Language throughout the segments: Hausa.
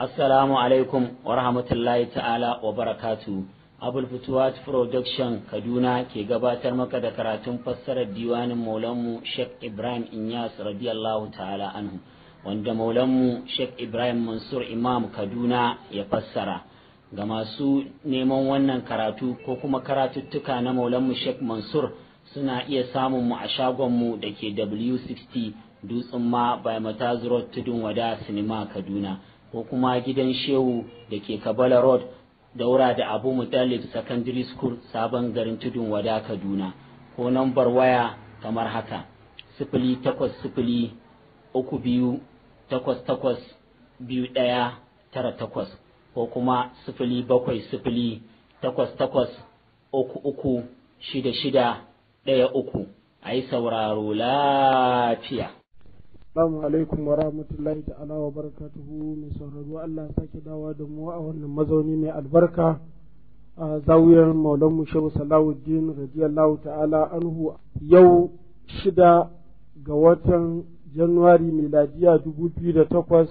Assalamu alaikum wa rahmatullahi ta'ala wa barakatu. Abul Fituwat Production Kaduna ke gabatar maka da karatun fassarar diwanin Maulanmu Sheikh Ibrahim Inyas radiyallahu ta'ala anhu, wanda Maulanmu Sheikh Ibrahim Mansur Imam Kaduna ya fassara. Ga masu neman wannan karatu ko kuma karatuttuka na Maulanmu Sheikh Mansur suna iya samun mu a shagonmu da ke W60 Dutsen ma by Matazurot Tudun Wada Sinima Kaduna. ko kuma gidan shehu da ke kabala road daura da abu mutalib secondary school sabon garin tudun wada kaduna ko nambar waya kamar haka sifili takwas uku biyu ko kuma sifili bakwai sifili takwas uku uku shida shida ɗaya uku a yi sauraro lafiya Assalamu alaikum wa rahmatullahi ta'ala wa barakatuhu mai sauraro Allah sake dawa da mu a wannan mazauni mai albarka a zawiyar maulan mu Shehu salawuddin radiyallahu ta'ala anhu yau shida ga watan Januwari miladiya takwas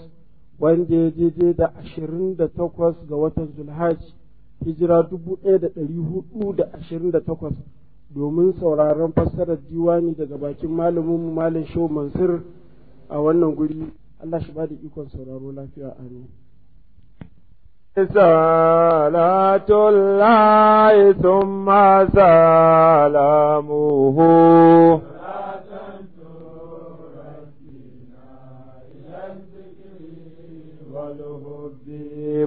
wanda ya daidai da ashirin da takwas ga watan Zulhaj hijira dubu ɗaya da da da ɗari ashirin takwas domin sauraron fassarar diwani daga bakin malamin mu Malam Shehu Mansur a wannan guri Allah shi ba da ikon sauraro lafiya amin صلاة الله ثم سلامه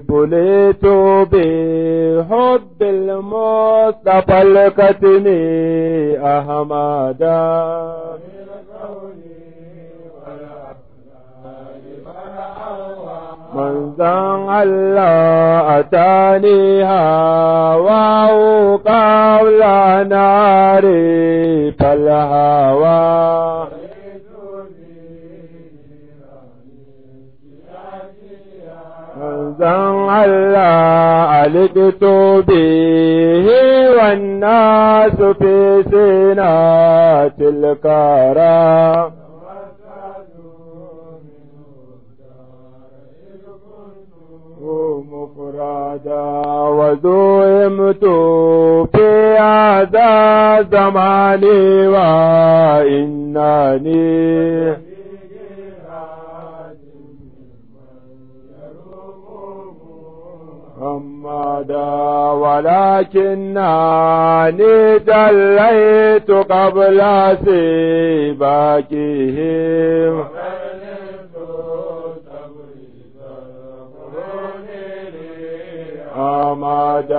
بليت بحب المصطفى الكتم أحمدا manzan Allah a tani hawa ƙaula na re Manzan Allah a likito bihi wannan su fi sina tilkara. وزوئمت في هذا الزمان وإنني محمدا ولكنني دليت قبل سباكهم حمد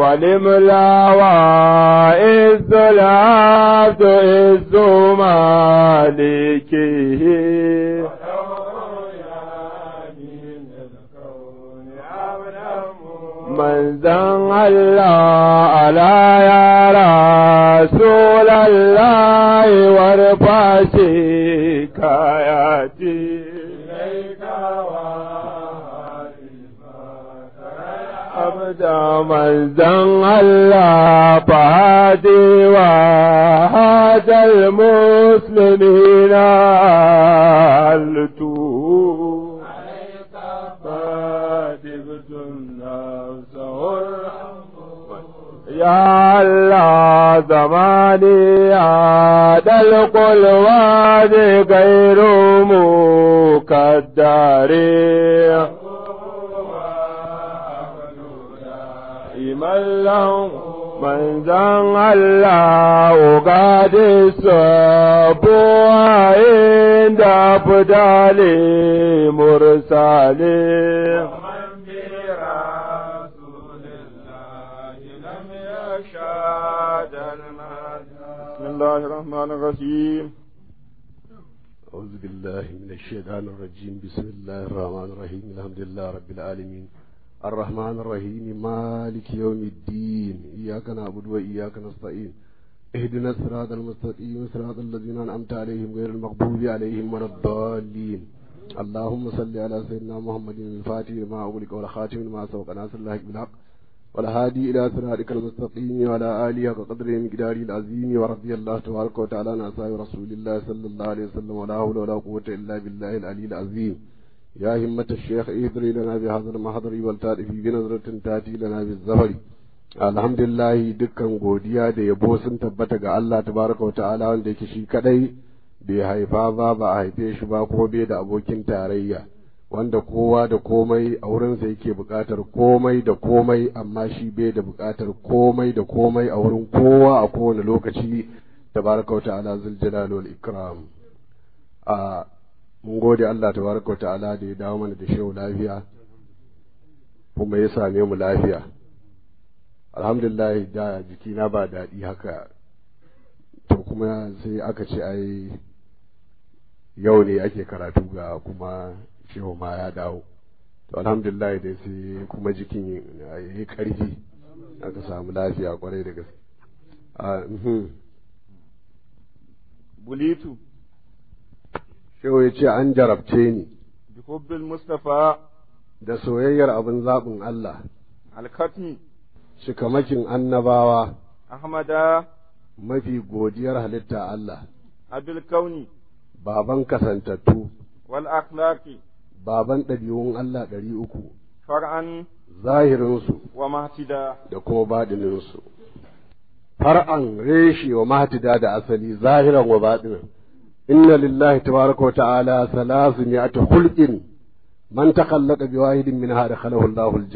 ولملا وإذ العبد إذ مالكه من زن الله ألا يا رسول الله وارفع شكاياتي منزل الله فهادي وهاد المسلمين التوب عليك فادي بجنة يا الله زماني هذا القلوان غير مكدرين manzan manzan Allah ga sabuwa inda fidale mursale بسم الله الرحمن الرحيم أعوذ بالله من الشيطان الرجيم بسم الله الرحمن الرحيم الحمد لله رب العالمين الرحمن الرحيم مالك يوم الدين إياك نعبد وإياك نستعين اهدنا الصراط المستقيم صراط الذين أنعمت عليهم غير المغضوب عليهم ولا الضالين اللهم صل على سيدنا محمد الفاتح لما أغلق والخاتم لما سبق ناصر الله بالحق والهادي إلى صراطك المستقيم وعلى آله وقدره مقداره العظيم ورضي الله تبارك وتعالى عن أصحاب رسول الله صلى الله عليه وسلم ولا حول ولا قوة إلا بالله العلي العظيم يا همة الشيخ اهدري لنا بهذا المحضر والتأتي بنظرة تأتي لنا بالزفر الحمد لله دكان godiya da yabo sun tabbata ga Allah tabaraka wa ta'ala wanda yake shi kaɗai, bai haifa ba ba a haife shi ba ko bai da abokin tarayya wanda kowa da komai a wurinsa yake buƙatar komai da komai amma shi bai da buƙatar komai da komai a wurin kowa a kowane lokaci tabaraka wa ta'ala zuljalal wal ikram a mun gode Allah baraka wa ta'ala da ya dawo mana da shehu lafiya kuma ya same mu lafiya alhamdulillah da jikina ba daɗi haka to kuma sai aka ce ai yau ne ake karatu ga kuma shehu ma ya dawo to alhamdulillah dai sai kuma jikin ya yi karfi aka samu lafiya kwarai da gaske ah, mhm. bulitu shehu ya ce an jarabce ni bi hubbil mustafa da soyayyar abin zaɓin Allah alkatmi shikamakin annabawa ahmada mafi godiyar halitta Allah abil kauni baban kasantattu wal akhlaqi baban ɗabi'un Allah ɗari uku far'an zahirinsu wa mahtida da kuma baɗininsu far'an reshe wa mahtida da asali zahiran wa baɗinin inna lillahi tabaraka wa ta'ala salasu mi'atu khulqin man takhallaqa bi wahidin minha dakhalahu Allahu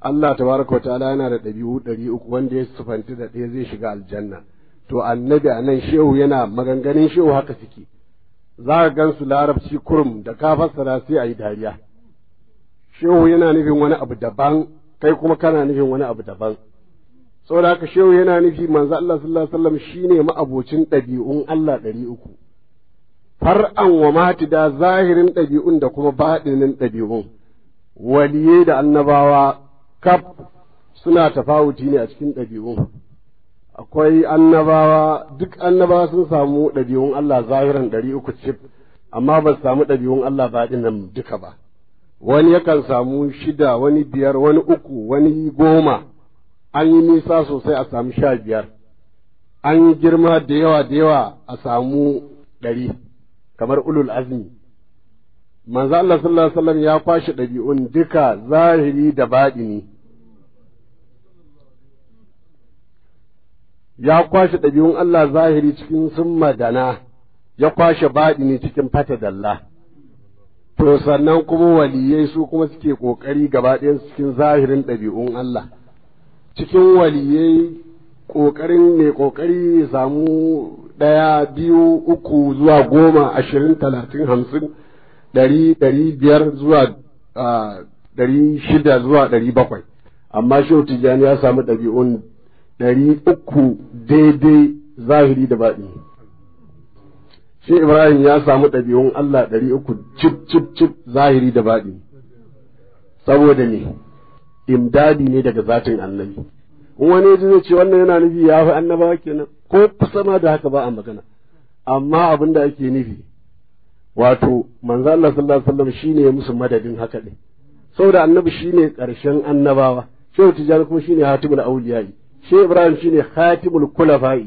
Allah tabaraka wa ta'ala yana da ɗabi'u ɗari uku wanda ya sufanti da ɗaya zai shiga aljanna to annabi anan shehu yana maganganun shehu haka suke za ka gansu larabci kurum da ka fassara sai a dariya shehu yana nufin wani abu daban kai kuma kana nufin wani abu daban saboda haka shehu yana nufi manzo Allah sallallahu alaihi shine ma'abocin ɗabi'un Allah ɗari uku far'an wa matida zahirin ɗabi'un da kuma baɗinin ɗabi'un waliye da annabawa kaf suna tafawuti ne a cikin ɗabi'un akwai annabawa duk annabawa sun samu ɗabi'un Allah zahiran ɗari uku cif amma ba su samu ɗabi'un Allah baɗinan duka ba wani yakan samu shida wani biyar wani uku wani goma an yi nisa sosai a samu sha biyar an yi girma da yawa da yawa a samu ɗari kamar ulul azmi manzo Allah sallallahu alaihi wasallam ya kwashi ɗabi'un duka zahiri da baɗini ya kwashe ɗabi'un Allah zahiri cikin summa dana ya kwashe baɗini cikin fata dalla to sannan kuma waliyai su kuma suke ƙoƙari gaba ɗaya cikin zahirin ɗabi'un Allah cikin waliyai ƙoƙarin mai ƙoƙari ya samu ɗaya biyu uku zuwa goma ashirin talatin hamsin ɗari ɗari biyar zuwa ɗari shida zuwa ɗari bakwai amma shehu tijjani ya samu ɗabi'un ɗari uku daidai zahiri da baɗi shi ibrahim ya samu ɗabi'un allah ɗari uku cip cip cip zahiri da baɗi saboda ne imdadi ne daga zatin annabi wani ji zai ce wannan yana nufi ya fi annabawa kenan ko kusa ma da haka ba a magana amma abin da ake nufi wato manzo Allah sallallahu alaihi wasallam shine ya musu madadin haka ne saboda annabi shine karshen annabawa shehu tijani kuma shine hatimul awliyai shehu ibrahim shine hatimul kulafai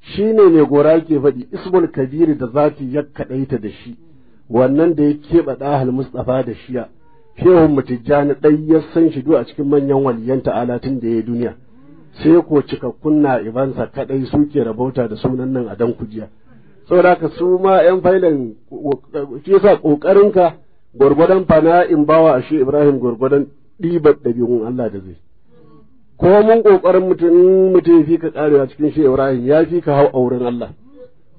shine mai gora ke faɗi ismul kabiri da zati ya da shi wannan da ya keɓe ɗahal mustafa da shiya shehun mutijjani tijjani ɗai ya san shi a cikin manyan waliyan ta'ala tun da ya duniya sai ko cikakkun na ibansa kaɗai suke rabauta da sunan nan a dan kujiya saboda ka su ma yan failin shi yasa ƙoƙarinka gwargwadon fana in bawa a shi ibrahim gwargwadon ɗibar ɗabi'un allah da zai ko mun ƙoƙarin mutum mutum ya fi ka karewa cikin shi ibrahim ya fi ka hau auren allah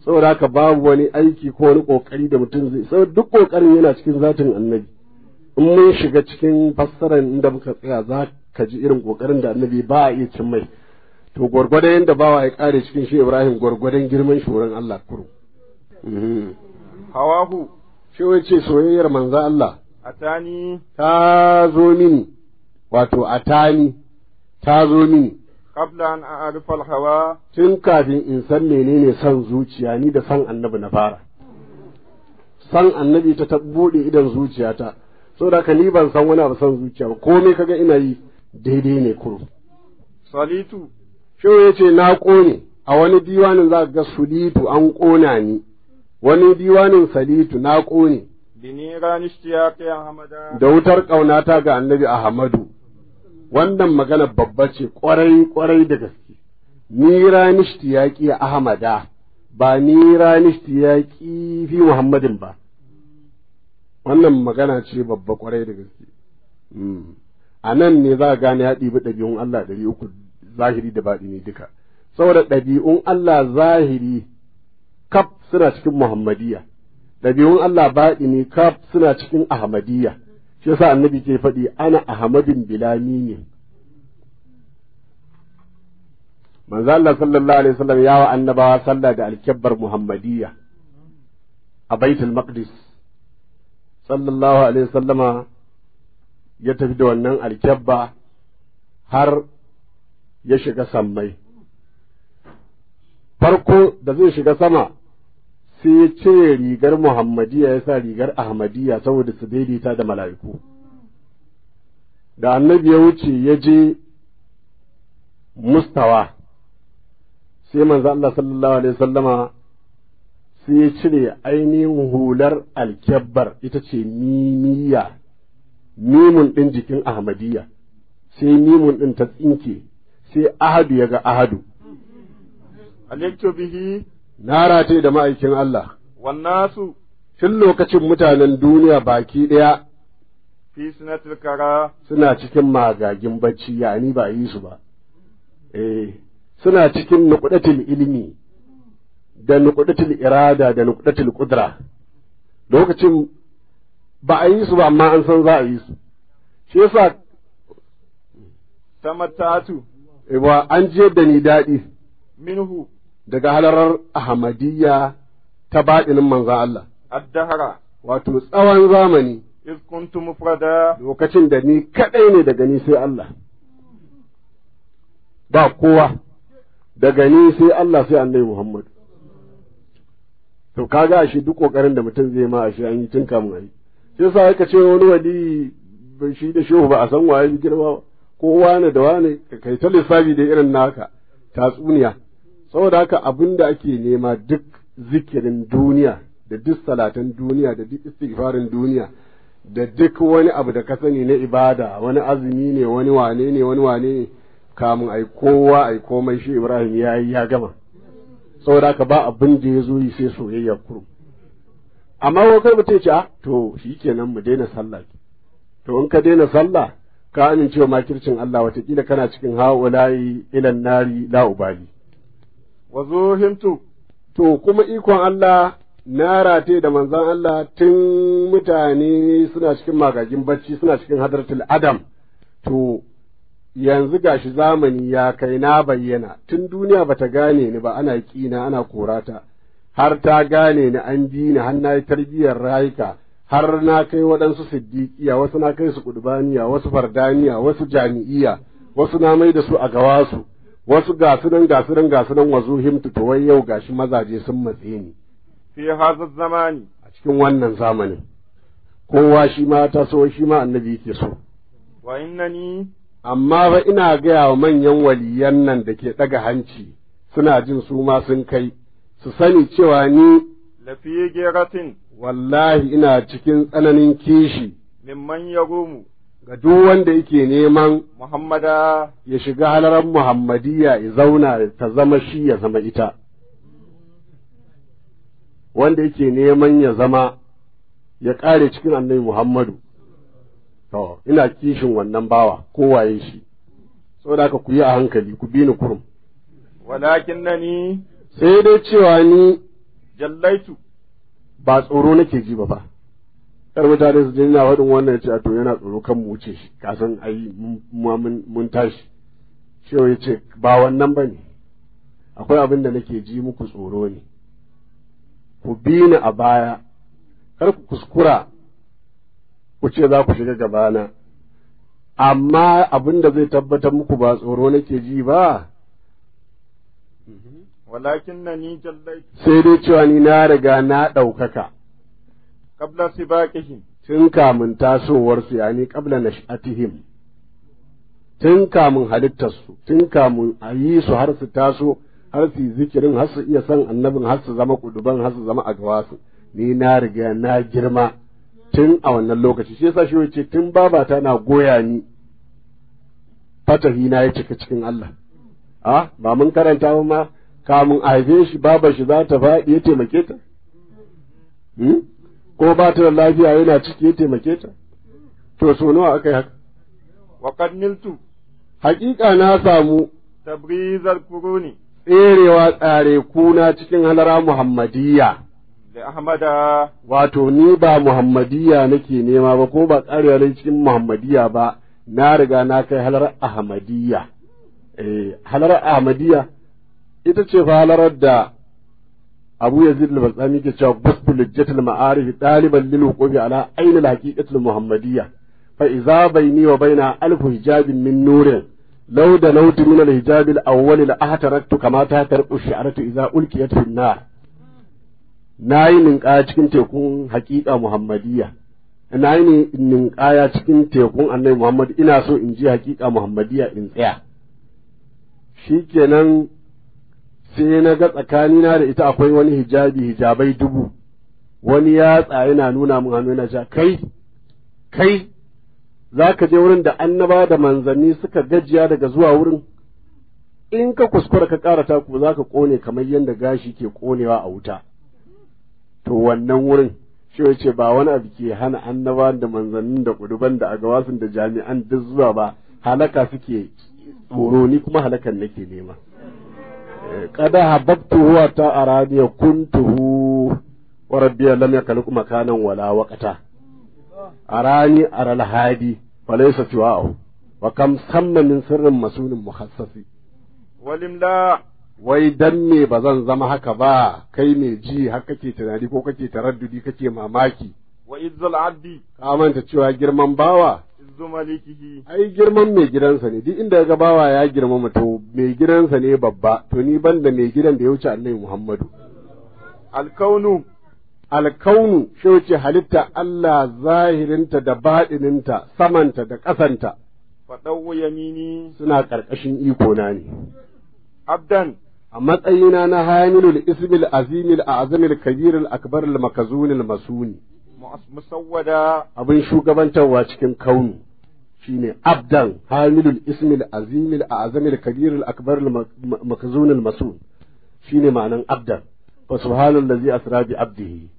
saboda ka babu wani aiki ko wani ƙoƙari da mutum zai saboda duk ƙoƙarin yana cikin zatin annabi in mun shiga cikin fassarar inda muka tsaya za ka ji irin kokarin da annabi ba a iya cin mai to gwargwadon yadda bawa ya kare cikin shi ibrahim gwargwadon girman shoran allah kuro mhm. hawahu shi ce soyayyar manza allah atani ta zo mini wato atani ta zo mini qabla an a'rifa al-hawa tun kafin in san menene son zuciya ni da san annabi na fara san annabi ta tabbude idan zuciyata saboda ka ni ban san wani abu san zuciya ba komai kaga ina yi daidai ne kuro salitu shehu ya ce na ƙone a wani diwanin za ka ga sulitu an ƙona ni wani diwanin salitu na ƙone da wutar ƙaunata ga annabi ahmadu wannan magana babba ce ƙwarai ƙwarai da gaske ni ranishtiyaki ahmada ba ni ya fi muhammadin ba wannan magana ce babba kwarai da gaske hmm. a nan ne za a gane ya ɗibi ɗabi'un Allah ɗari uku zahiri da ne duka saboda ɗabi'un Allah zahiri kaf suna cikin Muhammadiyya ɗabi'un Allah ne kaf suna cikin Ahmadiyya shi yasa annabi ke faɗi ana Ahmadin ne manzo Allah sallallahu alaihi wasallam ya wa annabawa sallah da alkebbar Muhammadiyya a Baitul Maqdis sallallahu alaihi wasallama ya tafi da wannan alkyabba har ya shiga sammai farko da zai shiga sama sai ya ce rigar muhammadiya ya sa rigar ahmadiyya saboda su daidaita da mala'iku da annabi ya wuce ya je mustawa sai manzo Allah sallallahu alaihi wasallama sai ya cire ainihin hular alkyabbar ita ce mimiya mimun ɗin jikin ahmadiyya sai mimun ɗin ta tsinke sai ahadu ya ga ahadu alikto bihi na rataye da ma'aikin Allah wannasu tun lokacin mutanen duniya baki ɗaya fi sinatil suna cikin magagin bacci yani ba yi su ba eh suna cikin nukudatin ilimi. da nukudatul irada da nukudatul kudra lokacin ba a yi su ba amma an san za a yi su shi yasa tamatatu wa an je da ni daɗi minhu daga halarar ahmadiyya ta baɗinin manzo Allah addahara wato tsawon zamani iz kuntu mufrada lokacin da ni kadai ne daga ni sai Allah ba kowa daga ni sai Allah sai Annabi Muhammad to ka ga ashe duk kokarin da mutum zai ma a shi an yi tun kamun yi sai sa aka ce wani wani shi da shehu ba a san waye girma ba ko wane da wane kai ta lissafi da irin naka tatsuniya saboda haka abin da ake nema duk zikirin duniya da duk salatan duniya da duk istighfarin duniya da duk wani abu da ka sani na ibada wani azumi ne wani wane ne wani wane ne kamun ai kowa ai komai shi Ibrahim ya yi ya gama saboda ka ba abin da ya zo yi sai soyayya kuru. amma ko kai mutum ce a ah, to shikenan mu daina sallah to in ka daina sallah ka amince wa makircin Allah wata watakila kana cikin ha'ulayi ilan nari la ubali wa zuhimtu to kuma ikon Allah na rate da manzan Allah tun mutane suna cikin magagin bacci suna cikin hadratul adam to yanzu gashi zamani ya kai na bayyana tun duniya bata gane ni ba ana ƙina ana korata har ta gane ni an bi ni har na yi tarbiyyar rayuka har na kai waɗansu siddiƙiya wasu na kai su Kudubaniya wasu fardaniya wasu jami'iya wasu na mai da su a gawasu wasu ga su nan ga nan ga nan wazu himtu to wai yau gashi mazaje sun matse ni fi hazar zamani a cikin wannan zamanin kowa shi ma ta so shi ma annabi yake so wa innani amma ba ina gaya wa manyan waliyan nan da ke ɗaga hanci suna jin su ma sun kai su sani cewa ni lafiye geratin wallahi ina cikin tsananin kishi mimman ya gomu ga duk wanda yake neman Muhammada ya shiga halaran Muhammadiyya ya zauna ta zama shi ya zama ita wanda yake neman ya zama ya ƙare cikin annabi Muhammadu to ina kishin wannan bawa kowaye shi saboda ka ku yi a hankali ku bi ni kurum walakin nani sai dai cewa ni jallaitu ba tsoro nake ji ba ba. kar mutane su jina wadin wannan ya ce to yana tsoro kan mu wuce shi kasan ai mun tashi cewa ya ce ba wannan ba ne akwai abin da nake ji muku tsoro ne ku bi ni a baya kar ku kuskura ku ce za ku shiga gabana amma abin da zai tabbatar muku ba tsoro nake ji ba walakin na ni sai dai cewa ni na riga na ɗaukaka kabla sibaqihim tun kamun su yani kabla nash'atihim tun kamun halittarsu tun kamun a yi su har su taso har su yi zikirin har su iya san annabin har su zama kuduban har su zama a ni na riga na girma tun a wannan lokaci shi yasa shi ce tun babata na goya ni fatahi na ya cika cikin Allah a ba mun karanta ba ma kamun a shi baba shi za ta faɗi ya taimake ta hmm? ko ba ta da lafiya yana ciki ya taimake ta to so nawa aka yi haka wa qad niltu haqiqa na samu tabrizal quruni tserewa tsare kuna cikin halara muhammadiyya da Ahmada wato ni ba Muhammadiyya nake nema ba ko ba karewa cikin Muhammadiyya ba na riga na kai halar Ahmadiyya eh halar Ahmadiyya ita ce fa halarar da Abu Yazid al-Batsami ke cewa basbu lijjatul ma'arif daliban lil huquqi ala ainil haqiqatul Muhammadiyya fa idza bayni wa baina alfu hijabin min nurin Lau da lawtu min al-hijab awwal la ahtaraktu kama ta tarqu shi'aratu idza ulqiyat fi nar na yi ninkaya cikin tekun haƙiƙa muhammadiyya na yi ninkaya cikin tekun annai Muhammadu ina so in ji haƙiƙa muhammadiyya in tsaya Shi nan sai na ga tsakanina da ita akwai wani hijabi hijabai dubu wani yatsa yana nuna min hannu yana cewa kai kai za ka je wurin da annaba da manzanni suka gajiya daga zuwa wurin in ka kuskura ka ƙara taku za ka ƙone kamar yadda gashi ke ƙonewa a wuta to wannan wurin shi ce ba wani abu ke hana annaba da manzannin da kuduban da agawasin da jami'an duk zuwa ba halaka suke tsoro ni kuma halakan nake nema kada eh, habbtu huwa ta aradiya kuntuhu wa rabbiya lam yakhluq makanan wala waqata arani aral hadi falaysa tuwa wa kam samma min sirrin masulin mukhassasi walimla wai dan me ba zan zama haka ba kai me ji har kake tunani ko kake taraddudi kake mamaki wa izzal abdi ka manta cewa girman bawa izzu malikihi ai girman mai gidansa ne duk inda ga bawa ya girma mutum mai gidansa ne babba to ni banda mai gidan da ya wuce Annabi Muhammadu alkaunu alkaunu shi wuce halitta Allah zahirinta da baɗininta samanta da ƙasanta faɗau yamini suna ƙarƙashin iko na ne abdan a matsayina na hamilul ismil azimil azamil kabiril akbar Makazunin masuni musawwada abin shugabantarwa cikin kaunu shine abdan hamilul ismil azimil azamil kabiril akbar makazunil masuni shine ma'anan abdan fa ladzi asra bi abdihi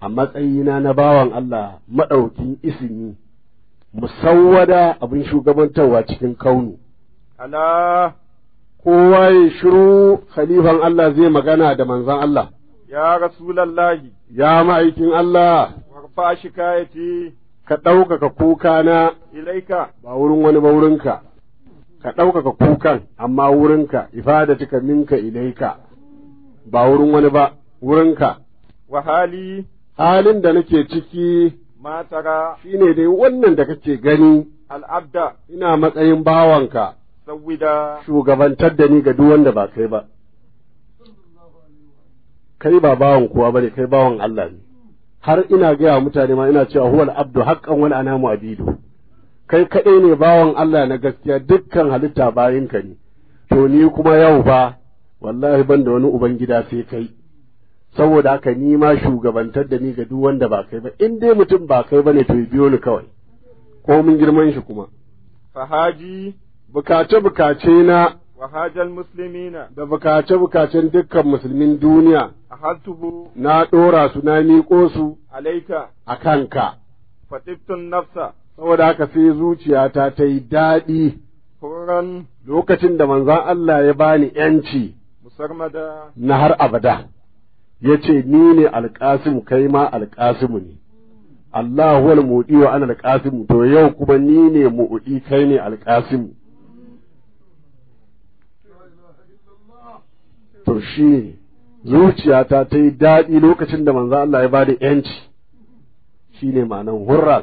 a matsayina na bawan Allah madaukin ismi musawwada abin shugabantarwa cikin kaunu Allah kowa ya shiru khalifan Allah zai magana da manzan Allah ya rasulallahi ya ma'aikin Allah warfa shikayati ka ɗaukaka kukana ilaika ba wurin wani ba wurinka ka ɗaukaka kukan amma wurinka ifadatika minka ilaika ba wurin wani ba wurinka wa hali halin da nake ciki matara shine dai wannan da kake gani al'abda ina matsayin bawanka shugabantar da ni ga duk wanda ba kai ba kai ba bawan kowa bane kai bawan Allah ne har ina gaya mutane ma ina cewa huwal abdu haqqan wal anamu abidu kai kadai ne bawan Allah na gaskiya dukkan halitta ka ne to ni kuma yau fa wallahi ban da wani ubangida sai kai saboda haka ni ma shugabantar da ni ga duk wanda ba kai ba in dai mutum ba kai bane to biyo ni kawai ko mun girman shi kuma fahaji bukace-bukace na wa musulmi muslimina da bukace-bukacen dukkan musulmin duniya a na ɗora su na miƙo su alaika a kanka fatiftun nafsa saboda haka sai zuciyata ta yi daɗi koran lokacin da manzan Allah ya bani ‘yanci musarmada na har abada ya ce ni ne kai ma alƙasimu ne Allahu wal muɗi wa an alƙasimu to yau kuma ni ne muɗi kai ne alƙasimu to shi ne zuciyata ta yi daɗi lokacin da manzan Allah ya ba da yanci shi ne ma'anan hurra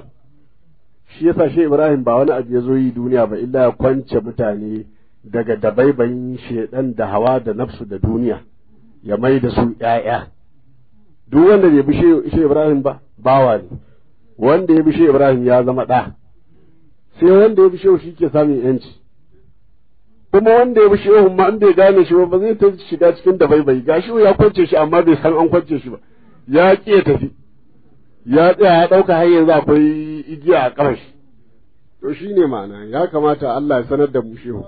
shi ya sashe Ibrahim ba wani abu ya zo yi duniya ba illa ya kwance mutane daga dabaibayin shaidan da hawa da nafsu da duniya ya mai da su ‘ya’ya duk wanda bai bi shi Ibrahim ba bawa ne wanda ya bi shi Ibrahim ya zama ɗa sai wanda ya bi shi ke samun yanci kuma wanda ya bi shehu ma in bai gane shi ba ba zai ta shiga cikin da bai bai gashi ya kwance shi amma bai san an kwance shi ba ya ƙi ya tafi ya tsaya ya ɗauka har yanzu akwai igiya a ƙarar shi to shine ma'ana ya kamata Allah ya sanar da mu shehu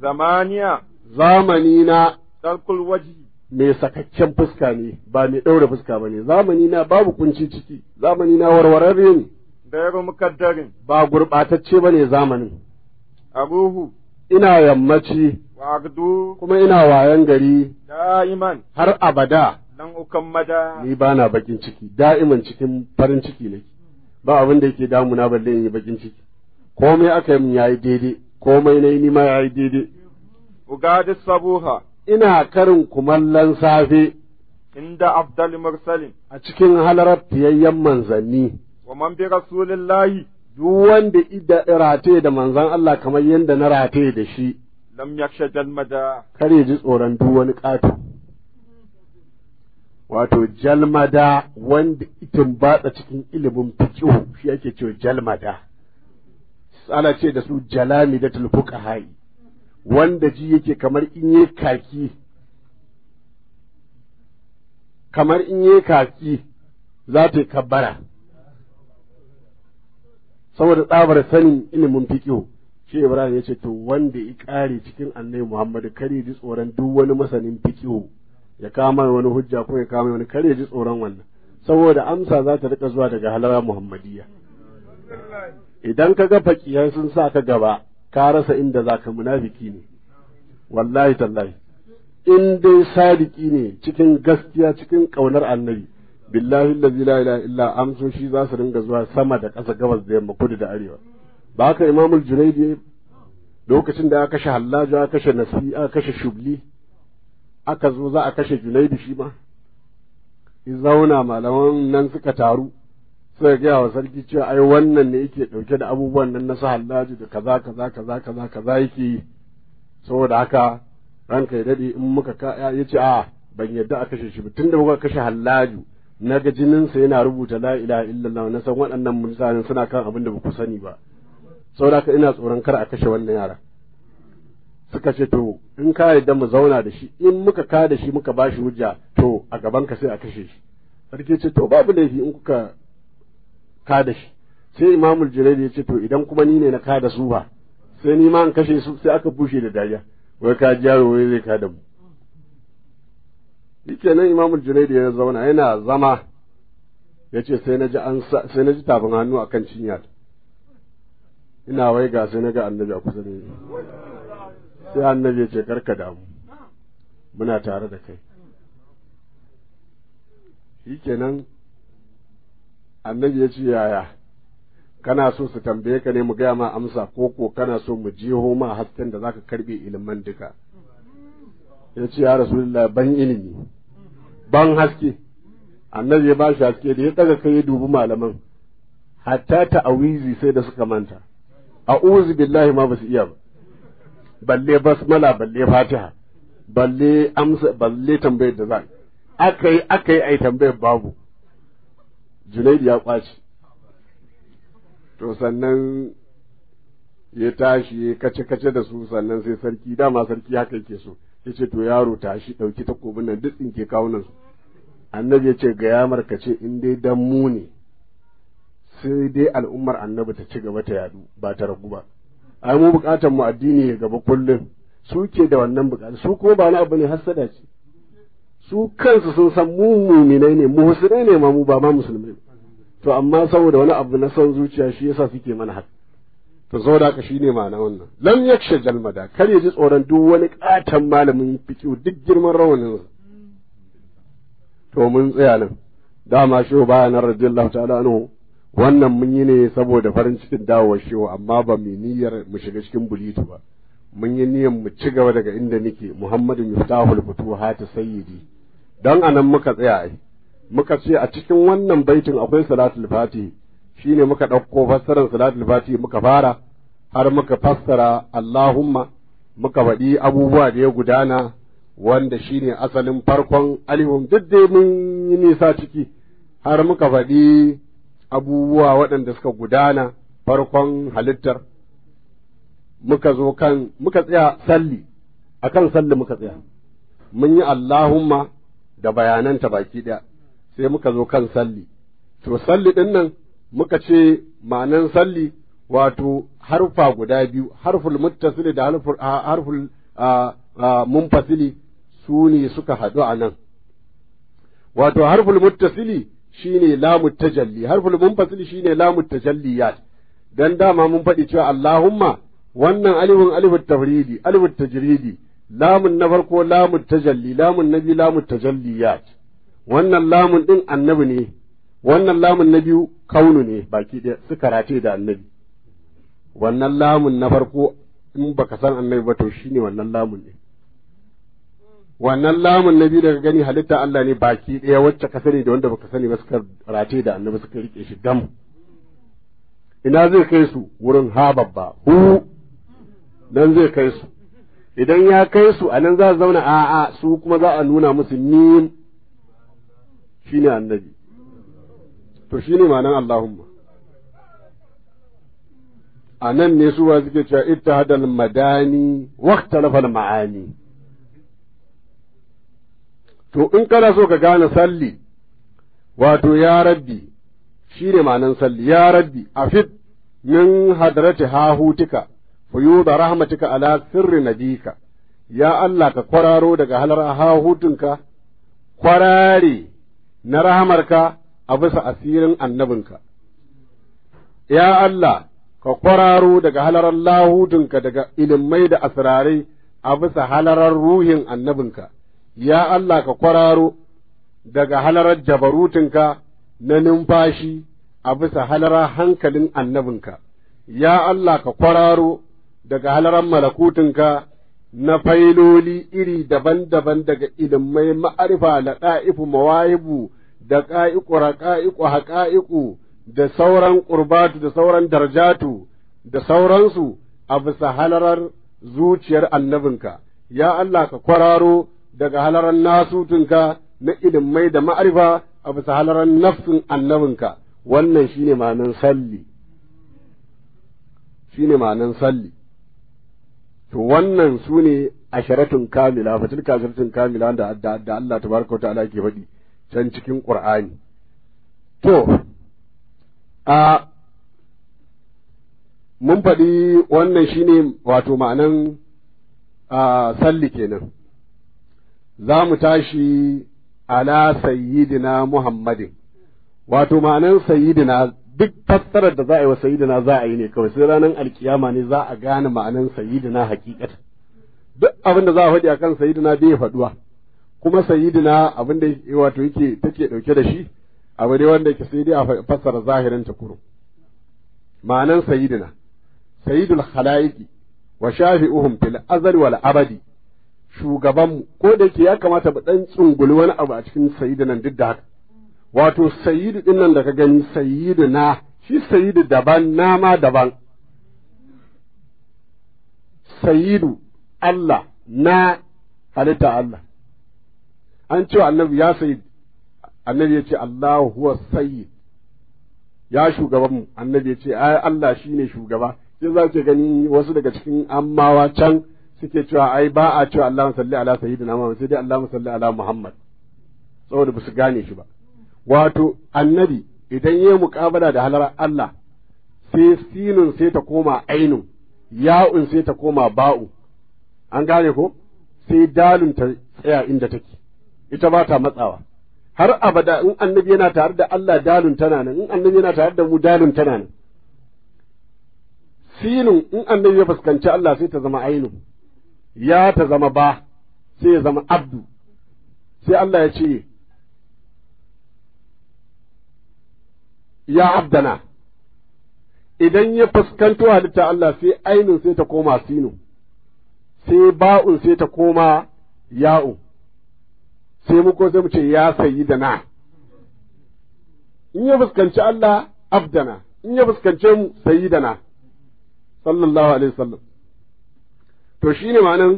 zamaniya zamani na dalkul waji mai sakakken fuska ne ba mai ɗaure fuska ba ne zamani na babu kunci ciki zamani na warwararre ne da yaro ba gurɓatacce ba ne zamanin abuhu ina yammaci wa kuma ina wayan gari da'iman har abada dan mada. ni na bakin ciki da'iman cikin farin ciki ne. ba abin da yake damuna balle in yi bakin ciki komai aka yi min yayi daidai komai nayi ni ma yayi daidai sabuha ina karin kumallon safe inda afdal mursalin a cikin halarar fiyayyen manzanni wa man bi rasulillahi duk wanda idan rataye da manzon Allah kamar yadda na rataye da shi lam yaksha jalmada kare ji tsoron duk wani kato wato jalmada wanda itin batsa cikin ilimin fiqh shi yake cewa jalmada ana ce da su jalami da hayi wanda ji yake kamar in yi kaki kamar in yi kaki za ta yi kabbara saboda tsabar sanin ilimin fikihu shi Ibrahim ya ce to wanda ya kare cikin annabi Muhammadu kare ji tsoron duk wani masanin fikihu ya kama wani hujja ko ya kama wani kare ji tsoron wannan saboda amsa za ta rika zuwa daga halawa Muhammadiyya idan kaga ga fakiyan sun sa ka gaba ka rasa inda za ka munafiki ne wallahi tallahi in dai sadiki ne cikin gaskiya cikin ƙaunar annabi billahi allazi la ilaha illa amsoshi za su ringa zuwa sama da ƙasa gabas da yamma kudu da arewa ba haka imamul junaidi lokacin da ya kashe hallaju ya kashe nasi aka kashe shubli aka zo za a kashe junaidi shi ma In zauna malaman nan suka taru suka gaya wa sarki cewa ai wannan ne yake ɗauke da abubuwan nan na su hallaju da kaza kaza kaza kaza kaza yake yi saboda haka ranka ya daɗe in muka ya ce a ban yadda a kashe shi ba tun da muka kashe hallaju na ga jininsa yana rubuta la ilaha illallah na san waɗannan mutanen suna kan abin da ba ku sani ba saboda ina tsoron kar a kashe wannan yara suka ce to in ka yarda mu zauna da shi in muka ka da shi muka ba hujja to a gaban ka sai a kashe shi sarki ce to babu laifi in kuka ka da shi sai imamul jirai ya ce to idan kuma ni ne na ka da su ba sai ni ma in kashe su sai aka bushe da dariya wai ka ji wai zai ka da mu yake nan imamul junaidi ya zauna yana zama ya ce sai na ji an sai na ji tafin hannu akan cinya ina wai ga sai na ga annabi a kusa da sai annabi ya ce karka damu muna tare da kai nan annabi ya ce yaya kana so su tambaye ka ne mu gaya ma amsa ko ko kana so mu jiho ma hasken da zaka karbe ilimin duka ya ce ya rasu ban ilimi ban haske annabi ya ba shi haske da ya daga kai ya dubi malaman hatta ta'awizi sai da suka manta a'udhu billahi ma basu iya ba balle basmala balle fatiha balle amsa balle tambayar da za aka yi ai tambayar babu junaidi ya kwaci to sannan ya tashi ya kace kace da su sannan sai sarki dama sarki haka yake so ya ce to yaro ta shi ɗauki takobin nan duk ke kawunan nan annabi ya ce ga yamar ka ce in dai dan mu ne sai dai al'ummar annabi ta ci gaba ta yadu ba ta ragu ba ai mu bukatar mu addini ya gaba kullum su ke da wannan bukatar su kuma ba wani abu ne hassada ce su kansu sun san mu muminai ne muhsinai ne ma mu ba ma musulmai to amma saboda wani abu na son zuciya shi yasa suke mana haka zo da ka shine ma'ana wannan lam yakshe jalmada kar ya ji tsoron duk wani katon malamin fiki duk girman rawanin to mun tsaya nan dama shi baya nan radiyallahu ta'ala anhu wannan mun yi ne saboda farin cikin dawowar shi amma ba mu niyyar mu shiga cikin bulitu ba mun yi niyyar mu ci gaba daga inda nake Muhammadu Miftahul Futuhat Sayyidi don anan muka tsaya ai muka ce a cikin wannan baitin akwai salatul fatihi Shi ne muka ɗauko fassarar salatul fati muka fara har muka fassara Allahumma muka faɗi abubuwa da ya gudana wanda shi ne asalin farkon alihun duk da mun yi nisa ciki har muka faɗi abubuwa waɗanda suka gudana farkon halittar muka zo kan muka tsaya salli akan salli muka tsaya mun yi Allahumma da bayananta baki ɗaya sai muka zo kan salli to salli ɗin nan muka ce ma'anan salli wato harfa guda biyu harful muttasili da harful munfasili su ne suka haɗu a nan wato harful muttasili shine lamu tajalli harful munfasili shine lamu tajalliyat dan dama mun faɗi cewa Allahumma wannan alifun alifut tafridi alifut tajridi lamun na farko lamun tajalli lamun nabi lamun tajalliyat wannan lamun din annabi ne wannan lamun na biyu kaunu ne baki ɗaya suka rataye da annabi wannan lamun na farko in baka san annabi ba to shine wannan lamun ne wannan lamun na biyu daga gani halitta Allah ne baki ɗaya wacce ka sani da wanda baka sani ba suka rataye da annabi suka rike shi dam ina zai kai su wurin ha babba hu dan zai kai su idan ya kai su a nan za su zauna a'a su kuma za a nuna musu ni shine annabi to shi ne ma'anan Allahumma a nan ne su ba suke cewa ita hadal madani na ma'ani to in kana so ka gane salli wato ya rabbi shi ne ma'anan salli ya rabbi a fit min hadrati hahutika fuyuda rahmatika ala sirri nabika ya Allah ka kwararo daga halar hutunka kwarare na rahamarka a bisa asirin annabinka. Ya Allah, ka kwararo daga halarar lahudinka daga ilimai da asirarai a bisa halarar ruhin annabinka, ya Allah ka kwararo daga halarar jabarutinka na numfashi a bisa halarar hankalin annabinka, ya Allah ka kwararo daga halarar malakutinka na failoli iri daban-daban daga ilimai ma'arifa, laɗa'ifu, mawahibu, da ƙa'iƙu raƙa'iƙu haƙa'iƙu da sauran ƙurbatu da sauran darjatu da sauransu a bisa halarar zuciyar annabinka ya Allah ka kwararo daga halarar nasutunka na ilimai da ma'arifa a bisa halarar nafsin annabinka wannan shine ma'anan salli shine ma'anan salli to wannan su ne asharatun kamila fatilka kasharatun kamila da Allah tabaraka ta'ala ke faɗi can cikin ƙur'ani to a mun faɗi wannan shine wato ma'anan a salli kenan za mu tashi ala sayyidina muhammadin wato ma'anan sayyidina duk fassarar da za a yi wa sayyidina za a yi ne kawai sai ranar alkiyama ne za a gane ma'anan sayyidina hakikata duk abin da za a faɗi akan sayyidina bai faɗuwa kuma sayyidina abin da wato yake take dauke da shi abu ne wanda yake sai dai a fassara zahirin ta kurum ma'anan sayyidina sayyidul khalaiqi wa shafi'uhum fil azali wal abadi shugabanmu ko da yake ya kamata mu dan tsunguli wani abu a cikin sayyidinan duk da haka wato sayyidu din nan da ka gani sayidina shi sayidu daban nama daban Sayidu Allah na halitta Allah an ce annabi ya sayi annabi ya ce Allahu huwa sayi ya shugabanmu annabi ya ce ai Allah shine shugaba sai za ke gani wasu daga cikin ammawa can suke cewa ai ba a cewa Allahumma salli ala sayyidina Muhammad sai dai Allahumma salli ala Muhammad saboda ba su gane shi ba wato annabi idan ya muƙabala da halar Allah sai sinun sai ta koma ainun ya'un sai ta koma ba'u an gane ko sai dalun ta tsaya inda take ita ba ta matsawa har abada in annabi yana tare da Allah dalin tana nan in annabi yana tare da mu dalin tana nan sinin in annabi ya fuskanci Allah sai ta zama ainu ya ta zama ba sai ya zama abdu sai Allah ya ce ya abdana idan ya fuskanto halitta Allah sai ainu sai ta koma sinu sai ba'un sai ta koma ya'un sai mu ko sai mu ce ya sayi da na in ya fuskanci Allah abdana in ya fuskance mu sayi da na sallallahu alaihi wasallam to shine ma'anan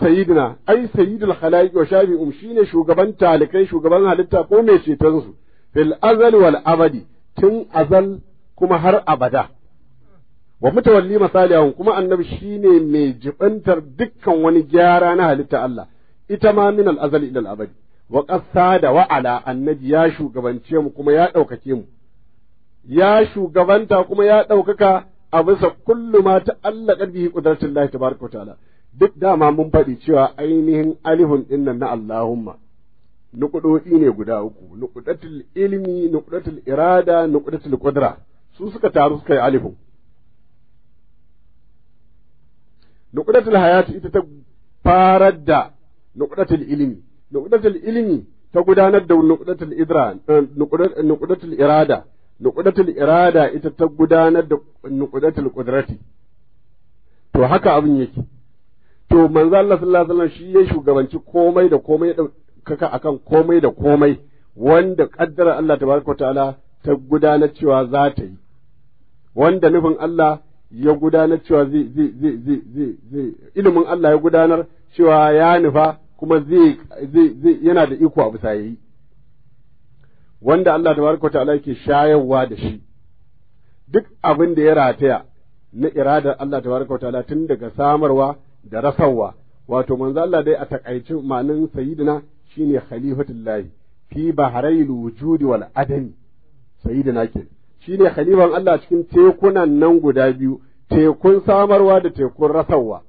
sayyidina ai sayyidul khalaiq wa shafi'um shine shugaban talikai shugaban halitta ko mai ceton su fil azal wal abadi tun azal kuma har abada wa mutawalli masalihun kuma annabi shine mai jibantar dukkan wani gyara na halitta Allah ita ma min al-azali ila al-abadi wa da wa'ala annabi ya shugabance mu kuma ya ɗaukake mu ya shugabanta kuma ya ɗaukaka a bisa kullu ma ta'allaqat bihi qudratullahi tabaraka ta'ala duk dama mun faɗi cewa ainihin alihun dinnan na Allahumma nuƙudoɗi ne guda uku nuƙudatul ilmi nuƙudatul irada nuƙudatul qudra su suka taru suka yi alifin nuƙudatul hayati ita ta farar da nuqdatul ilimi nuqdatul ilimi ta gudanar da nuqdatul idra eh, nuqdatul irada nuqdatul irada ita ta gudanar da nuqdatul qudrati to haka abin yake to manzo Allah sallallahu alaihi wasallam shi ya shugabanci komai da komai da kaka akan komai da komai wanda kaddara Allah tabaraka ta'ala ta gudanar cewa za ta yi wanda nufin Allah ya gudanar cewa zai zai zai zai zai ilimin Allah ya gudanar cewa ya nufa kuma zai yana da iko a bisa yayi wanda Allah tabaraka ta ke shayarwa da shi duk abin da ya rataya na iradar Allah Ta tabaraka ta'ala tun daga samarwa da rasarwa wato manzo Allah dai a takaice ma'anin sayyidina shine khalifatullahi fi bahrayil wujudi wal adami sayyidina ke shine khalifan Allah cikin tekunan nan guda biyu tekun samarwa da tekun rasarwa